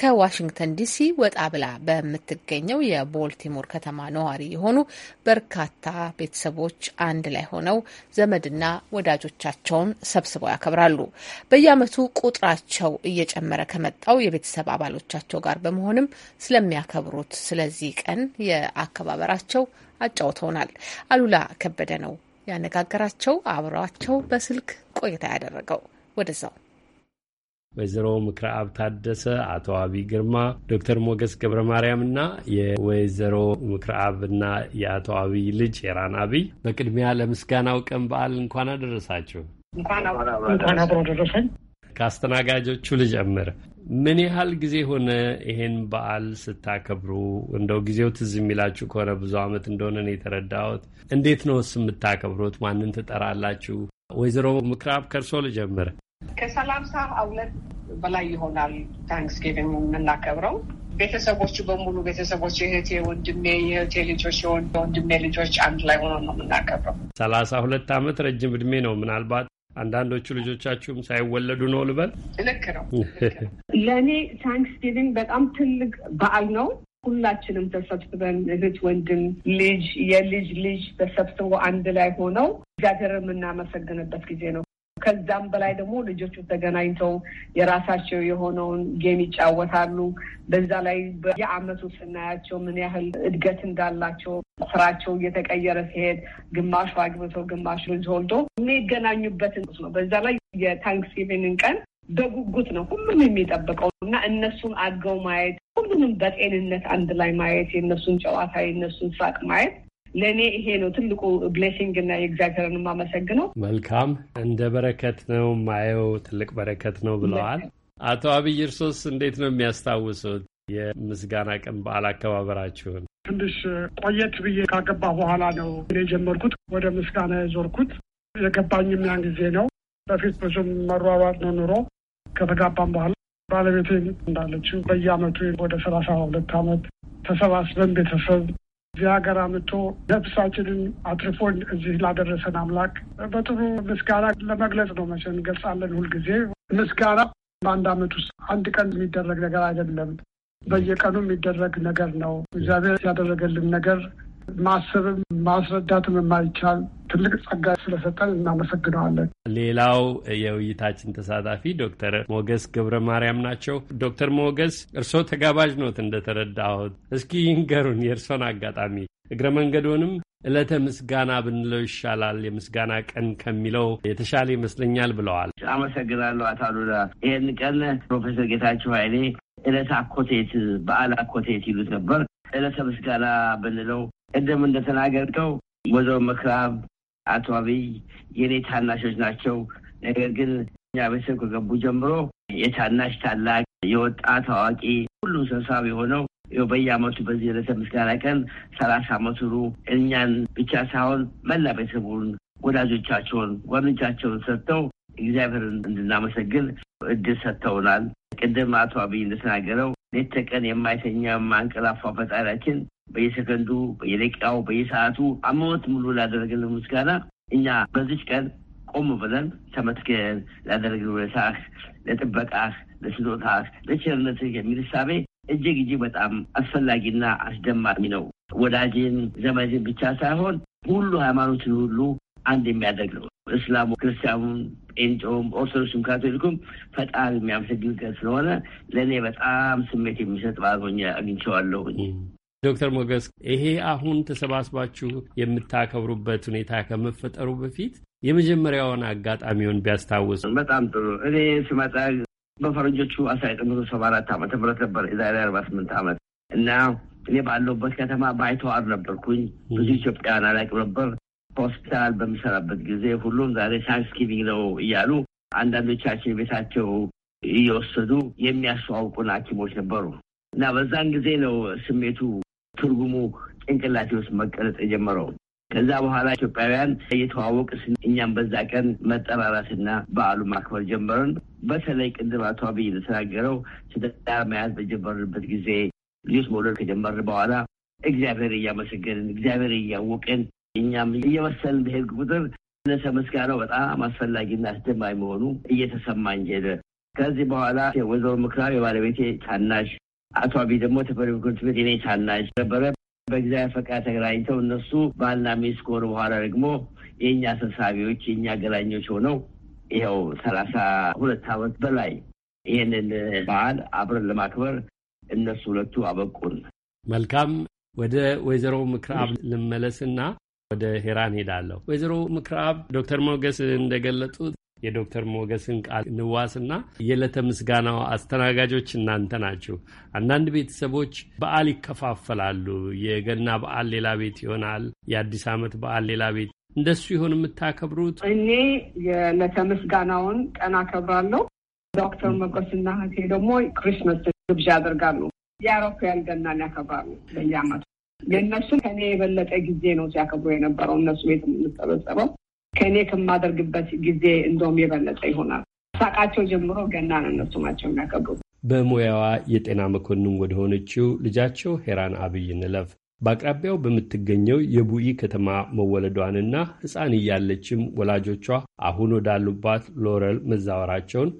ከዋሽንግተን ዲሲ ወጣ ብላ በምትገኘው የቦልቲሞር ከተማ ነዋሪ የሆኑ በርካታ ቤተሰቦች አንድ ላይ ሆነው ዘመድና ወዳጆቻቸውን ሰብስበው ያከብራሉ። በየዓመቱ ቁጥራቸው እየጨመረ ከመጣው የቤተሰብ አባሎቻቸው ጋር በመሆንም ስለሚያከብሩት ስለዚህ ቀን የአከባበራቸው አጫውተውናል። አሉላ ከበደ ነው ያነጋገራቸው። አብሯቸው በስልክ ቆይታ ያደረገው ወደዛው ወይዘሮ ምክረአብ ታደሰ፣ አቶ አቢ ግርማ፣ ዶክተር ሞገስ ገብረ ማርያም እና የወይዘሮ ምክረአብ እና የአቶ አብይ ልጅ ኤራን አብይ በቅድሚያ ለምስጋናው ቀን በዓል እንኳን አደረሳችሁ። እንኳን አብሮ ከአስተናጋጆቹ ልጀምር። ምን ያህል ጊዜ ሆነ ይሄን በዓል ስታከብሩ? እንደው ጊዜው ትዝ የሚላችሁ ከሆነ ብዙ ዓመት እንደሆነ ነው የተረዳሁት። እንዴት ነው የምታከብሩት? ማንን ትጠራላችሁ? ወይዘሮ ምክራብ ከእርሶ ልጀምር። ከሰላሳ አውለት በላይ ይሆናል ታንክስጊቪንግ የምናከብረው ቤተሰቦቹ በሙሉ ቤተሰቦች የእህቴ ወንድሜ የእህቴ ልጆች የወንድሜ ልጆች አንድ ላይ ሆኖ ነው የምናከብረው። ሰላሳ ሁለት ዓመት ረጅም እድሜ ነው። ምናልባት አንዳንዶቹ ልጆቻችሁም ሳይወለዱ ነው ልበል። ልክ ነው። [LAUGHS] ለእኔ ታንክስጊቪንግ በጣም ትልቅ በዓል ነው። ሁላችንም ተሰብስበን እህት፣ ወንድም፣ ልጅ፣ የልጅ ልጅ ተሰብስቦ አንድ ላይ ሆነው እግዚአብሔር የምናመሰግንበት ጊዜ ነው። ከዛም በላይ ደግሞ ልጆቹ ተገናኝተው የራሳቸው የሆነውን ጌም ይጫወታሉ። በዛ ላይ በየአመቱ ስናያቸው ምን ያህል እድገት እንዳላቸው ስራቸው እየተቀየረ ሲሄድ ግማሹ አግብቶ ግማሹ ልጅ ወልዶ የሚገናኙበትን ነው። በዛ ላይ የታንክስጊቪንግ ቀን በጉጉት ነው ሁሉም የሚጠብቀው እና እነሱን አድገው ማየት ሁሉንም በጤንነት አንድ ላይ ማየት የእነሱን ጨዋታ የእነሱን ሳቅ ማየት ለእኔ ይሄ ነው ትልቁ ብሌሲንግ እና የእግዚአብሔርን የማመሰግነው። መልካም እንደ በረከት ነው ማየው፣ ትልቅ በረከት ነው ብለዋል አቶ አብይ። እርሶስ እንዴት ነው የሚያስታውሱት የምስጋና ቀን በዓል አከባበራችሁን? ትንሽ ቆየት ብዬ ካገባ በኋላ ነው የጀመርኩት ወደ ምስጋና የዞርኩት። የገባኝም ያን ጊዜ ነው። በፊት ብዙም መሯሯጥ ነው ኑሮ። ከተጋባም በኋላ ባለቤቴ እንዳለችው በየአመቱ ወደ ሰላሳ ሁለት አመት ተሰባስበን ቤተሰብ እዚህ ሀገር አምጥቶ ነፍሳችንን አትርፎ እዚህ ላደረሰን አምላክ በጥሩ ምስጋና ለመግለጽ ነው። መቼ እንገልጻለን? ሁልጊዜ ምስጋና በአንድ አመት ውስጥ አንድ ቀን የሚደረግ ነገር አይደለም። በየቀኑ የሚደረግ ነገር ነው። እግዚአብሔር ያደረገልን ነገር ማሰብም ማስረዳትም የማይቻል ትልቅ ጸጋ ስለሰጠን እናመሰግነዋለን። ሌላው የውይይታችን ተሳታፊ ዶክተር ሞገስ ገብረ ማርያም ናቸው። ዶክተር ሞገስ እርስዎ ተጋባዥ ኖት እንደተረዳሁት። እስኪ ይንገሩን የእርሶን አጋጣሚ እግረ መንገዶንም ዕለተ ምስጋና ብንለው ይሻላል፣ የምስጋና ቀን ከሚለው የተሻለ ይመስለኛል ብለዋል። አመሰግናለሁ አቶ አሉላ። ይህን ቀን ፕሮፌሰር ጌታቸው ኃይሌ ዕለት አኮቴት በዓል አኮቴት ይሉት ነበር። ዕለተ ምስጋና ብንለው ቅድም እንደተናገርከው ወይዘሮ መክራብ አቶ አብይ የኔ ታናሾች ናቸው። ነገር ግን እኛ ቤተሰብ ከገቡ ጀምሮ የታናሽ ታላቅ፣ የወጣት አዋቂ፣ ሁሉ ሰብሳቢ የሆነው በየአመቱ በዚህ ዕለተ ምስጋና ቀን ሰላሳ ዓመት ሁሉ እኛን ብቻ ሳይሆን መላ ቤተሰቡን፣ ወዳጆቻቸውን፣ ጓደኞቻቸውን ሰጥተው እግዚአብሔርን እንድናመሰግን እድል ሰጥተውናል። ቅድም አቶ አብይ እንደተናገረው ሌት ተቀን የማይተኛ ማንቀላፋ ፈጣሪያችን በየሰከንዱ፣ በየደቂቃው፣ በየሰዓቱ አመት ሙሉ ላደረግልን ምስጋና እኛ በዚች ቀን ቆም ብለን ተመትገን ላደረግን ውለታህ፣ ለጥበቃህ፣ ለስጦታህ፣ ለቸርነትህ የሚል ሳቤ እጅግ እጅግ በጣም አስፈላጊና አስደማሚ ነው። ወዳጅን ዘመድን ብቻ ሳይሆን ሁሉ ሃይማኖትን ሁሉ አንድ የሚያደርግ ነው። እስላሙ፣ ክርስቲያኑን፣ ጴንጤውም፣ ኦርቶዶክስም፣ ካቶሊኩም ፈጣሪ የሚያመሰግንበት ስለሆነ ለእኔ በጣም ስሜት የሚሰጥ ባጎኛ አግኝቼዋለሁ። ዶክተር ሞገስ ይሄ አሁን ተሰባስባችሁ የምታከብሩበት ሁኔታ ከመፈጠሩ በፊት የመጀመሪያውን አጋጣሚውን ቢያስታውስ በጣም ጥሩ። እኔ ስመጣ በፈረንጆቹ አስራ ዘጠኝ መቶ ሰባ አራት ዓመተ ምህረት ነበር የዛሬ አርባ ስምንት ዓመት እና እኔ ባለሁበት ከተማ ባይተዋር ነበርኩኝ። ብዙ ኢትዮጵያን አላውቅም ነበር። ሆስፒታል በምሰራበት ጊዜ ሁሉም ዛሬ ታንክስጊቪንግ ነው እያሉ አንዳንዶቻችን ቤታቸው እየወሰዱ የሚያስተዋውቁን ሐኪሞች ነበሩ እና በዛን ጊዜ ነው ስሜቱ ትርጉሙ ጭንቅላቴ ውስጥ መቀረጥ የጀመረው። ከዛ በኋላ ኢትዮጵያውያን እየተዋወቅ እኛም በዛ ቀን መጠራራትና በዓሉ ማክበር ጀመርን። በተለይ ቅድም አቶ አብይ እንደተናገረው ትዳር መያዝ በጀመርንበት ጊዜ ልጆች መውለድ ከጀመርን በኋላ እግዚአብሔር እያመሰገንን እግዚአብሔር እያወቅን እኛም እየመሰልን በሄድኩ ቁጥር ነሰ ምስጋናው በጣም አስፈላጊና አስደማኝ መሆኑ እየተሰማኝ ሄደ። ከዚህ በኋላ ወይዘሮ ምክራብ የባለቤቴ ታናሽ፣ አቶ አቢ ደግሞ ተፈሪ ትምህርት ቤት የኔ ታናሽ ነበረ። በእግዚአብሔር ፈቃድ ተገናኝተው እነሱ ባልና ሚስት ከሆኑ በኋላ ደግሞ የእኛ ሰብሳቢዎች የእኛ ገላኞች ሆነው ይኸው ሰላሳ ሁለት ዓመት በላይ ይህንን በዓል አብረን ለማክበር እነሱ ሁለቱ አበቁን። መልካም። ወደ ወይዘሮ ምክራብ ልመለስና ወደ ሄራን ሄዳለሁ። ወይዘሮ ምክራብ ዶክተር ሞገስ እንደገለጡት የዶክተር ሞገስን ቃል ንዋስና የዕለተ ምስጋናው አስተናጋጆች እናንተ ናችሁ። አንዳንድ ቤተሰቦች በዓል ይከፋፈላሉ። የገና በዓል ሌላ ቤት ይሆናል፣ የአዲስ ዓመት በዓል ሌላ ቤት። እንደሱ ይሆን የምታከብሩት? እኔ የዕለተ ምስጋናውን ቀን አከብራለሁ። ዶክተር ሞገስና እህቴ ደግሞ ክሪስመስ ግብዣ ያደርጋሉ። የአውሮፓውያን ገናን ያከብራሉ በየዓመቱ የእነሱ ከኔ የበለጠ ጊዜ ነው ሲያከብሩ የነበረው። እነሱ ቤት የምንሰበሰበው ከእኔ ከማደርግበት ጊዜ እንደውም የበለጠ ይሆናል። ሳቃቸው ጀምሮ ነው እነሱ ናቸው የሚያከብሩት። በሙያዋ የጤና መኮንን ወደሆነችው ልጃቸው ሄራን አብይ እንለፍ። በአቅራቢያው በምትገኘው የቡኢ ከተማ መወለዷንና ሕፃን እያለችም ወላጆቿ አሁን ወዳሉባት ሎረል መዛወራቸውን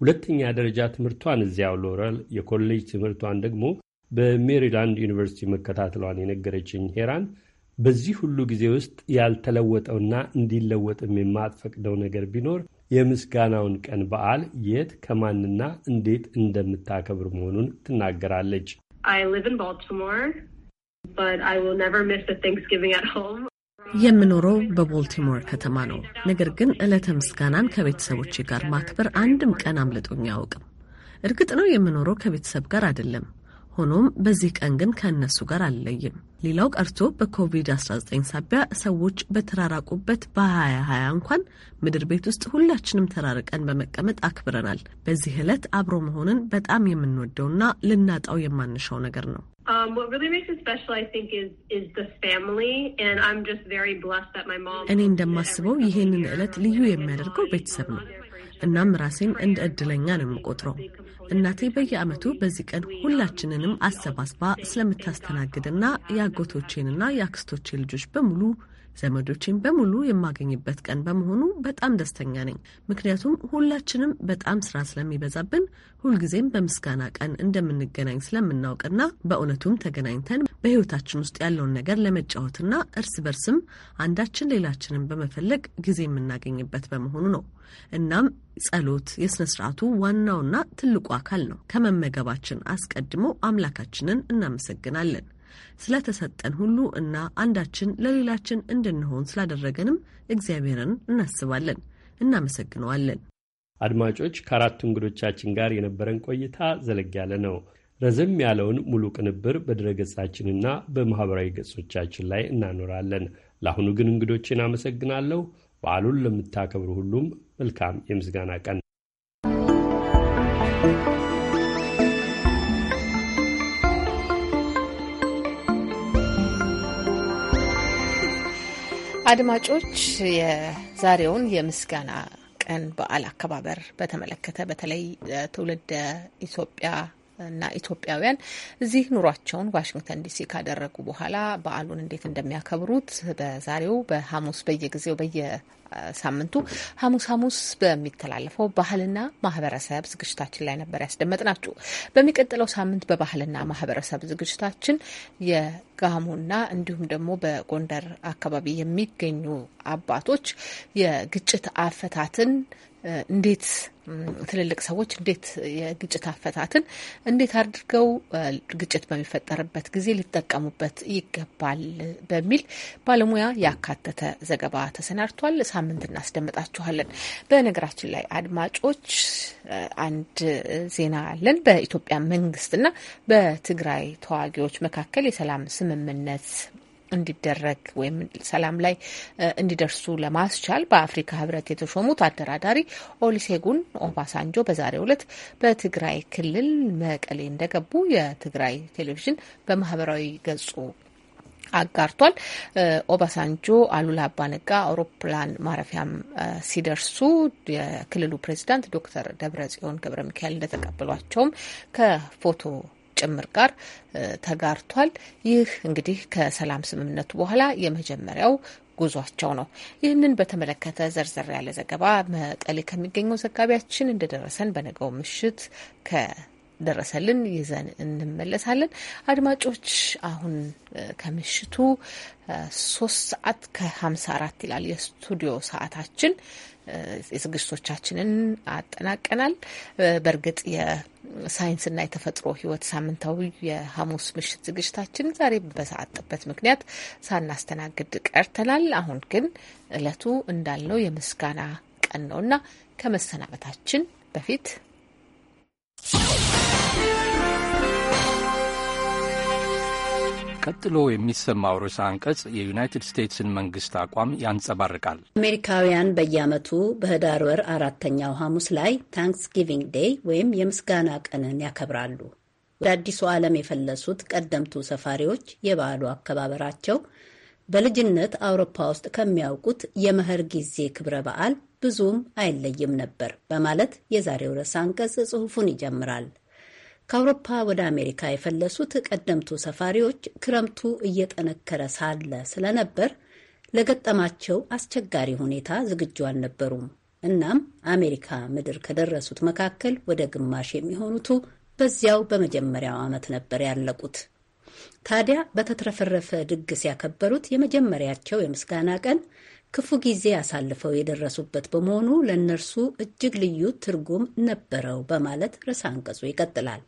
ሁለተኛ ደረጃ ትምህርቷን እዚያው ሎረል የኮሌጅ ትምህርቷን ደግሞ በሜሪላንድ ዩኒቨርሲቲ መከታተሏን የነገረችኝ ሄራን በዚህ ሁሉ ጊዜ ውስጥ ያልተለወጠውና እንዲለወጥም የማትፈቅደው ነገር ቢኖር የምስጋናውን ቀን በዓል የት ከማንና እንዴት እንደምታከብር መሆኑን ትናገራለች። የምኖረው በቦልቲሞር ከተማ ነው። ነገር ግን ዕለተ ምስጋናን ከቤተሰቦቼ ጋር ማክበር አንድም ቀን አምልጦኝ አያውቅም። እርግጥ ነው የምኖረው ከቤተሰብ ጋር አይደለም። ሆኖም በዚህ ቀን ግን ከእነሱ ጋር አልለይም። ሌላው ቀርቶ በኮቪድ-19 ሳቢያ ሰዎች በተራራቁበት በ2020 እንኳን ምድር ቤት ውስጥ ሁላችንም ተራርቀን በመቀመጥ አክብረናል። በዚህ ዕለት አብሮ መሆንን በጣም የምንወደውና ልናጣው የማንሻው ነገር ነው። um, እኔ እንደማስበው ይሄንን ዕለት ልዩ የሚያደርገው ቤተሰብ ነው። እናም ራሴን እንደ እድለኛ ነው የምቆጥረው። እናቴ በየዓመቱ በዚህ ቀን ሁላችንንም አሰባስባ ስለምታስተናግድና የአጎቶቼንና የአክስቶቼ ልጆች በሙሉ ዘመዶቼን በሙሉ የማገኝበት ቀን በመሆኑ በጣም ደስተኛ ነኝ። ምክንያቱም ሁላችንም በጣም ስራ ስለሚበዛብን ሁልጊዜም በምስጋና ቀን እንደምንገናኝ ስለምናውቅና በእውነቱም ተገናኝተን በሕይወታችን ውስጥ ያለውን ነገር ለመጫወትና እርስ በርስም አንዳችን ሌላችንን በመፈለግ ጊዜ የምናገኝበት በመሆኑ ነው። እናም ጸሎት የሥነ ሥርዓቱ ዋናውና ትልቁ አካል ነው። ከመመገባችን አስቀድሞ አምላካችንን እናመሰግናለን ስለተሰጠን ሁሉ እና አንዳችን ለሌላችን እንድንሆን ስላደረገንም እግዚአብሔርን እናስባለን፣ እናመሰግነዋለን። አድማጮች ከአራቱ እንግዶቻችን ጋር የነበረን ቆይታ ዘለግ ያለ ነው። ረዘም ያለውን ሙሉ ቅንብር በድረገጻችንና በማኅበራዊ ገጾቻችን ላይ እናኖራለን። ለአሁኑ ግን እንግዶችን አመሰግናለሁ። በዓሉን ለምታከብሩ ሁሉም መልካም የምስጋና ቀን አድማጮች የዛሬውን የምስጋና ቀን በዓል አከባበር በተመለከተ በተለይ ትውልደ ኢትዮጵያ እና ኢትዮጵያውያን እዚህ ኑሯቸውን ዋሽንግተን ዲሲ ካደረጉ በኋላ በዓሉን እንዴት እንደሚያከብሩት በዛሬው በሐሙስ በየጊዜው በየሳምንቱ ሐሙስ ሐሙስ በሚተላለፈው ባህልና ማህበረሰብ ዝግጅታችን ላይ ነበር ያስደመጥናችሁ። በሚቀጥለው ሳምንት በባህልና ማህበረሰብ ዝግጅታችን የጋሞና እንዲሁም ደግሞ በጎንደር አካባቢ የሚገኙ አባቶች የግጭት አፈታትን እንዴት ትልልቅ ሰዎች እንዴት የግጭት አፈታትን እንዴት አድርገው ግጭት በሚፈጠርበት ጊዜ ሊጠቀሙበት ይገባል በሚል ባለሙያ ያካተተ ዘገባ ተሰናድቷል። ሳምንት እናስደምጣችኋለን። በነገራችን ላይ አድማጮች፣ አንድ ዜና አለን። በኢትዮጵያ መንግስትና በትግራይ ተዋጊዎች መካከል የሰላም ስምምነት እንዲደረግ ወይም ሰላም ላይ እንዲደርሱ ለማስቻል በአፍሪካ ህብረት የተሾሙት አደራዳሪ ኦሊሴጉን ኦባሳንጆ በዛሬው ዕለት በትግራይ ክልል መቀሌ እንደገቡ የትግራይ ቴሌቪዥን በማህበራዊ ገጹ አጋርቷል። ኦባሳንጆ አሉላ አባነጋ አውሮፕላን ማረፊያም ሲደርሱ የክልሉ ፕሬዚዳንት ዶክተር ደብረ ጽዮን ገብረ ሚካኤል እንደተቀበሏቸውም ከፎቶ ጭምር ጋር ተጋርቷል። ይህ እንግዲህ ከሰላም ስምምነቱ በኋላ የመጀመሪያው ጉዟቸው ነው። ይህንን በተመለከተ ዘርዘር ያለ ዘገባ መቀሌ ከሚገኘው ዘጋቢያችን እንደደረሰን በነገው ምሽት ከደረሰልን ይዘን እንመለሳለን። አድማጮች አሁን ከምሽቱ ሶስት ሰዓት ከሀምሳ አራት ይላል የስቱዲዮ ሰዓታችን። የዝግጅቶቻችንን አጠናቀናል። በእርግጥ ሳይንስና የተፈጥሮ ህይወት ሳምንታዊ የሐሙስ ምሽት ዝግጅታችን ዛሬ በሰዓት ጥበት ምክንያት ሳናስተናግድ ቀርተናል። አሁን ግን እለቱ እንዳለው የምስጋና ቀን ነውና ከመሰናበታችን በፊት ቀጥሎ የሚሰማው ርዕሰ አንቀጽ የዩናይትድ ስቴትስን መንግስት አቋም ያንጸባርቃል። አሜሪካውያን በየዓመቱ በህዳር ወር አራተኛው ሐሙስ ላይ ታንክስጊቪንግ ዴይ ወይም የምስጋና ቀንን ያከብራሉ። ወደ አዲሱ ዓለም የፈለሱት ቀደምቱ ሰፋሪዎች የበዓሉ አከባበራቸው በልጅነት አውሮፓ ውስጥ ከሚያውቁት የመኸር ጊዜ ክብረ በዓል ብዙም አይለይም ነበር በማለት የዛሬው ርዕሰ አንቀጽ ጽሑፉን ይጀምራል። ከአውሮፓ ወደ አሜሪካ የፈለሱት ቀደምቱ ሰፋሪዎች ክረምቱ እየጠነከረ ሳለ ስለነበር ለገጠማቸው አስቸጋሪ ሁኔታ ዝግጁ አልነበሩም። እናም አሜሪካ ምድር ከደረሱት መካከል ወደ ግማሽ የሚሆኑቱ በዚያው በመጀመሪያው ዓመት ነበር ያለቁት። ታዲያ በተትረፈረፈ ድግስ ያከበሩት የመጀመሪያቸው የምስጋና ቀን ክፉ ጊዜ አሳልፈው የደረሱበት በመሆኑ ለእነርሱ እጅግ ልዩ ትርጉም ነበረው በማለት ርዕሰ አንቀጹ ይቀጥላል።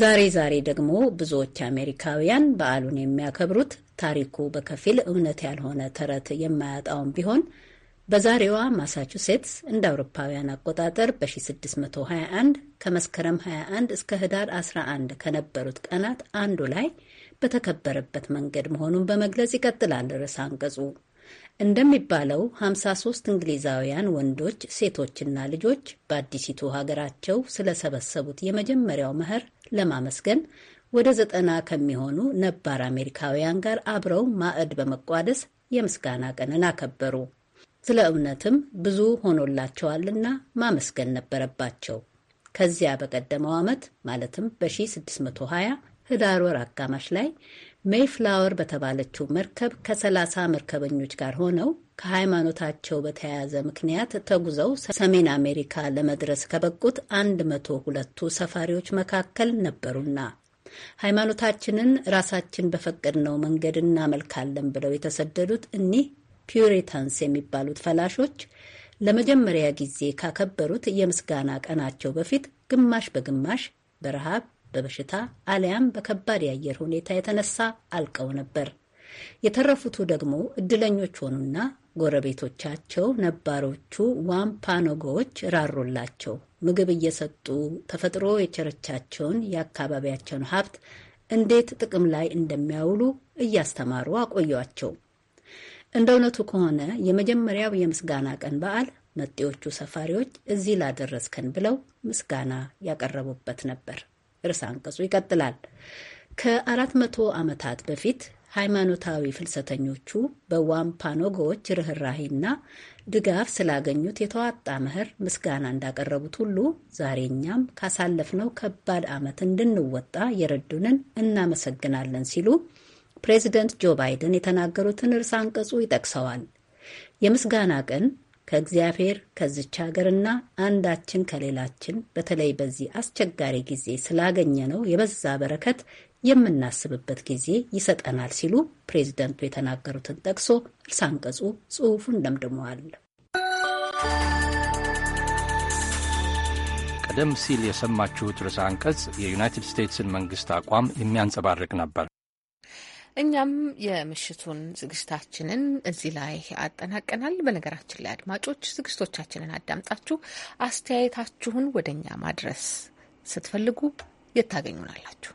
ዛሬ ዛሬ ደግሞ ብዙዎች አሜሪካውያን በዓሉን የሚያከብሩት ታሪኩ በከፊል እውነት ያልሆነ ተረት የማያጣውም ቢሆን በዛሬዋ ማሳቹሴትስ እንደ አውሮፓውያን አቆጣጠር በ1621 ከመስከረም 21 እስከ ህዳር 11 ከነበሩት ቀናት አንዱ ላይ በተከበረበት መንገድ መሆኑን በመግለጽ ይቀጥላል ርዕሰ አንቀጹ። እንደሚባለው 53 እንግሊዛውያን ወንዶች፣ ሴቶችና ልጆች በአዲሲቱ ሀገራቸው ስለሰበሰቡት የመጀመሪያው መኸር ለማመስገን ወደ ዘጠና ከሚሆኑ ነባር አሜሪካውያን ጋር አብረው ማዕድ በመቋደስ የምስጋና ቀንን አከበሩ። ስለ እውነትም ብዙ ሆኖላቸዋልና ማመስገን ነበረባቸው። ከዚያ በቀደመው ዓመት ማለትም በ1620 ህዳር ወር አጋማሽ ላይ ሜይፍላወር በተባለችው መርከብ ከሰላሳ መርከበኞች ጋር ሆነው ከሃይማኖታቸው በተያያዘ ምክንያት ተጉዘው ሰሜን አሜሪካ ለመድረስ ከበቁት አንድ መቶ ሁለቱ ሰፋሪዎች መካከል ነበሩና ሃይማኖታችንን ራሳችን በፈቀድነው መንገድ እናመልካለን ብለው የተሰደዱት እኒህ ፒውሪታንስ የሚባሉት ፈላሾች ለመጀመሪያ ጊዜ ካከበሩት የምስጋና ቀናቸው በፊት ግማሽ በግማሽ በረሃብ በበሽታ አሊያም በከባድ የአየር ሁኔታ የተነሳ አልቀው ነበር። የተረፉቱ ደግሞ እድለኞች ሆኑና ጎረቤቶቻቸው ነባሮቹ ዋምፓኖጎዎች ራሩላቸው። ምግብ እየሰጡ ተፈጥሮ የቸረቻቸውን የአካባቢያቸውን ሀብት እንዴት ጥቅም ላይ እንደሚያውሉ እያስተማሩ አቆዩአቸው። እንደ እውነቱ ከሆነ የመጀመሪያው የምስጋና ቀን በዓል መጤዎቹ ሰፋሪዎች እዚህ ላደረስከን ብለው ምስጋና ያቀረቡበት ነበር። ርዕሰ አንቀጹ ይቀጥላል። ከአራት መቶ ዓመታት በፊት ሃይማኖታዊ ፍልሰተኞቹ በዋምፓኖጎዎች ርኅራሄና ድጋፍ ስላገኙት የተዋጣ መኸር ምስጋና እንዳቀረቡት ሁሉ ዛሬ እኛም ካሳለፍነው ከባድ ዓመት እንድንወጣ የረዱንን እናመሰግናለን ሲሉ ፕሬዚደንት ጆ ባይደን የተናገሩትን ርዕሰ አንቀጹ ይጠቅሰዋል። የምስጋና ቀን ከእግዚአብሔር ከዚች ሀገርና አንዳችን ከሌላችን በተለይ በዚህ አስቸጋሪ ጊዜ ስላገኘ ነው የበዛ በረከት የምናስብበት ጊዜ ይሰጠናል ሲሉ ፕሬዚደንቱ የተናገሩትን ጠቅሶ እርሳ አንቀጹ ጽሑፉን ደምድመዋል። ቀደም ሲል የሰማችሁት ርዕሰ አንቀጽ የዩናይትድ ስቴትስን መንግስት አቋም የሚያንጸባርቅ ነበር። እኛም የምሽቱን ዝግጅታችንን እዚህ ላይ አጠናቀናል። በነገራችን ላይ አድማጮች ዝግጅቶቻችንን አዳምጣችሁ አስተያየታችሁን ወደ እኛ ማድረስ ስትፈልጉ የታገኙናላችሁ።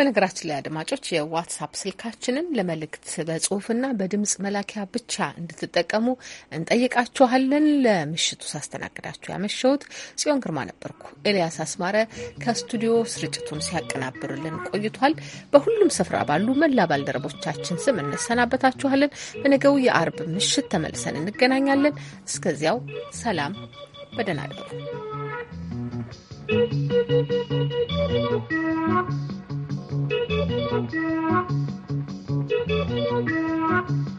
በነገራችን ላይ አድማጮች የዋትሳፕ ስልካችንን ለመልእክት በጽሁፍና በድምጽ መላኪያ ብቻ እንድትጠቀሙ እንጠይቃችኋለን። ለምሽቱ ሳስተናግዳችሁ ያመሸሁት ጽዮን ግርማ ነበርኩ። ኤልያስ አስማረ ከስቱዲዮ ስርጭቱን ሲያቀናብርልን ቆይቷል። በሁሉም ስፍራ ባሉ መላ ባልደረቦቻችን ስም እንሰናበታችኋለን። በነገው የአርብ ምሽት ተመልሰን እንገናኛለን። እስከዚያው ሰላም፣ በደህና you. Thank you.